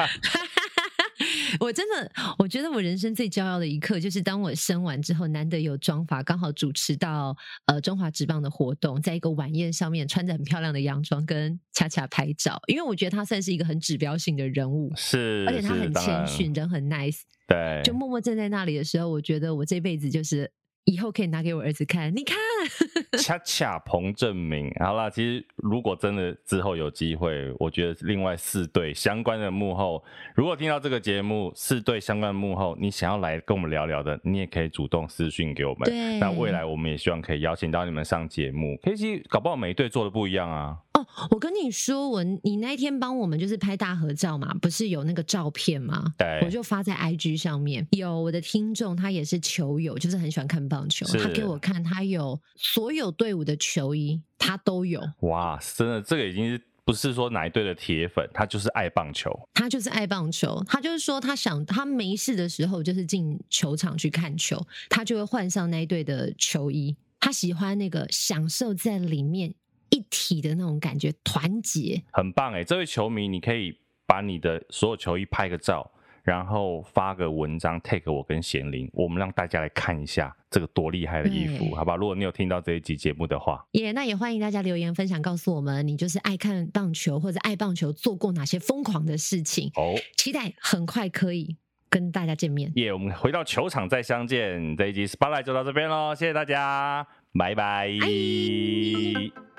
Speaker 2: 我真的，我覺得我人生最驕傲的一刻，就是當我生完之後，難得有妝髮，剛好主持到呃中華職棒的活動，在一個晚宴上面穿着很漂亮的洋裝跟恰恰拍照。因為我覺得他算是一個很指標性的人物，是，
Speaker 1: 而且他很謙遜，人
Speaker 2: 很 nice。對，就默默站在那裡的時候，我覺得我這輩子就是以後可以拿給我兒子看。你看， 恰恰
Speaker 1: 彭政閔，好啦，其實如果真的之後有機會，我覺得另外四隊相關的幕後，如果聽到這個節目，四隊相關的幕後，你想要來跟我們聊聊的，你也可以主動私訊給我們，對。那未來我們也希望可以邀請到你們上節目，可以其實搞不好每一隊做的不一樣啊。哦，
Speaker 2: 我跟你說，我你那天幫我們就是拍大合照嘛，不是有那個照片嗎？對，我就發在 IG 上面。有我的聽眾，他也是球友，就是很喜歡看棒球。他給我看，他有所有隊伍的球衣，他都有。
Speaker 1: 哇，真的，這個已經不是說哪一隊的鐵粉，他就是愛棒球，
Speaker 2: 他就是愛棒球。他就是說，他想他沒事的時候就是進球場去看球，他就會換上那一隊的球衣，他喜歡那個享受在裡面。一體的那種感覺，團結
Speaker 1: 很棒哎！這位球迷，你可以把你的所有球衣拍個照，然後發個文章 take 我跟賢齡，我們讓大家來看一下這個多厲害的衣服，好吧？如果你有聽到這一集節目的話，
Speaker 2: 耶、yeah！那也歡迎大家留言分享，告訴我們你就是愛看棒球或者愛棒球做過哪些瘋狂的事情哦！Oh. 期待很快可以跟大家見面，
Speaker 1: 耶、yeah！我們回到球場再相見。這一集 Spotlight 就到這邊嘍，謝謝大家，拜拜。哎哎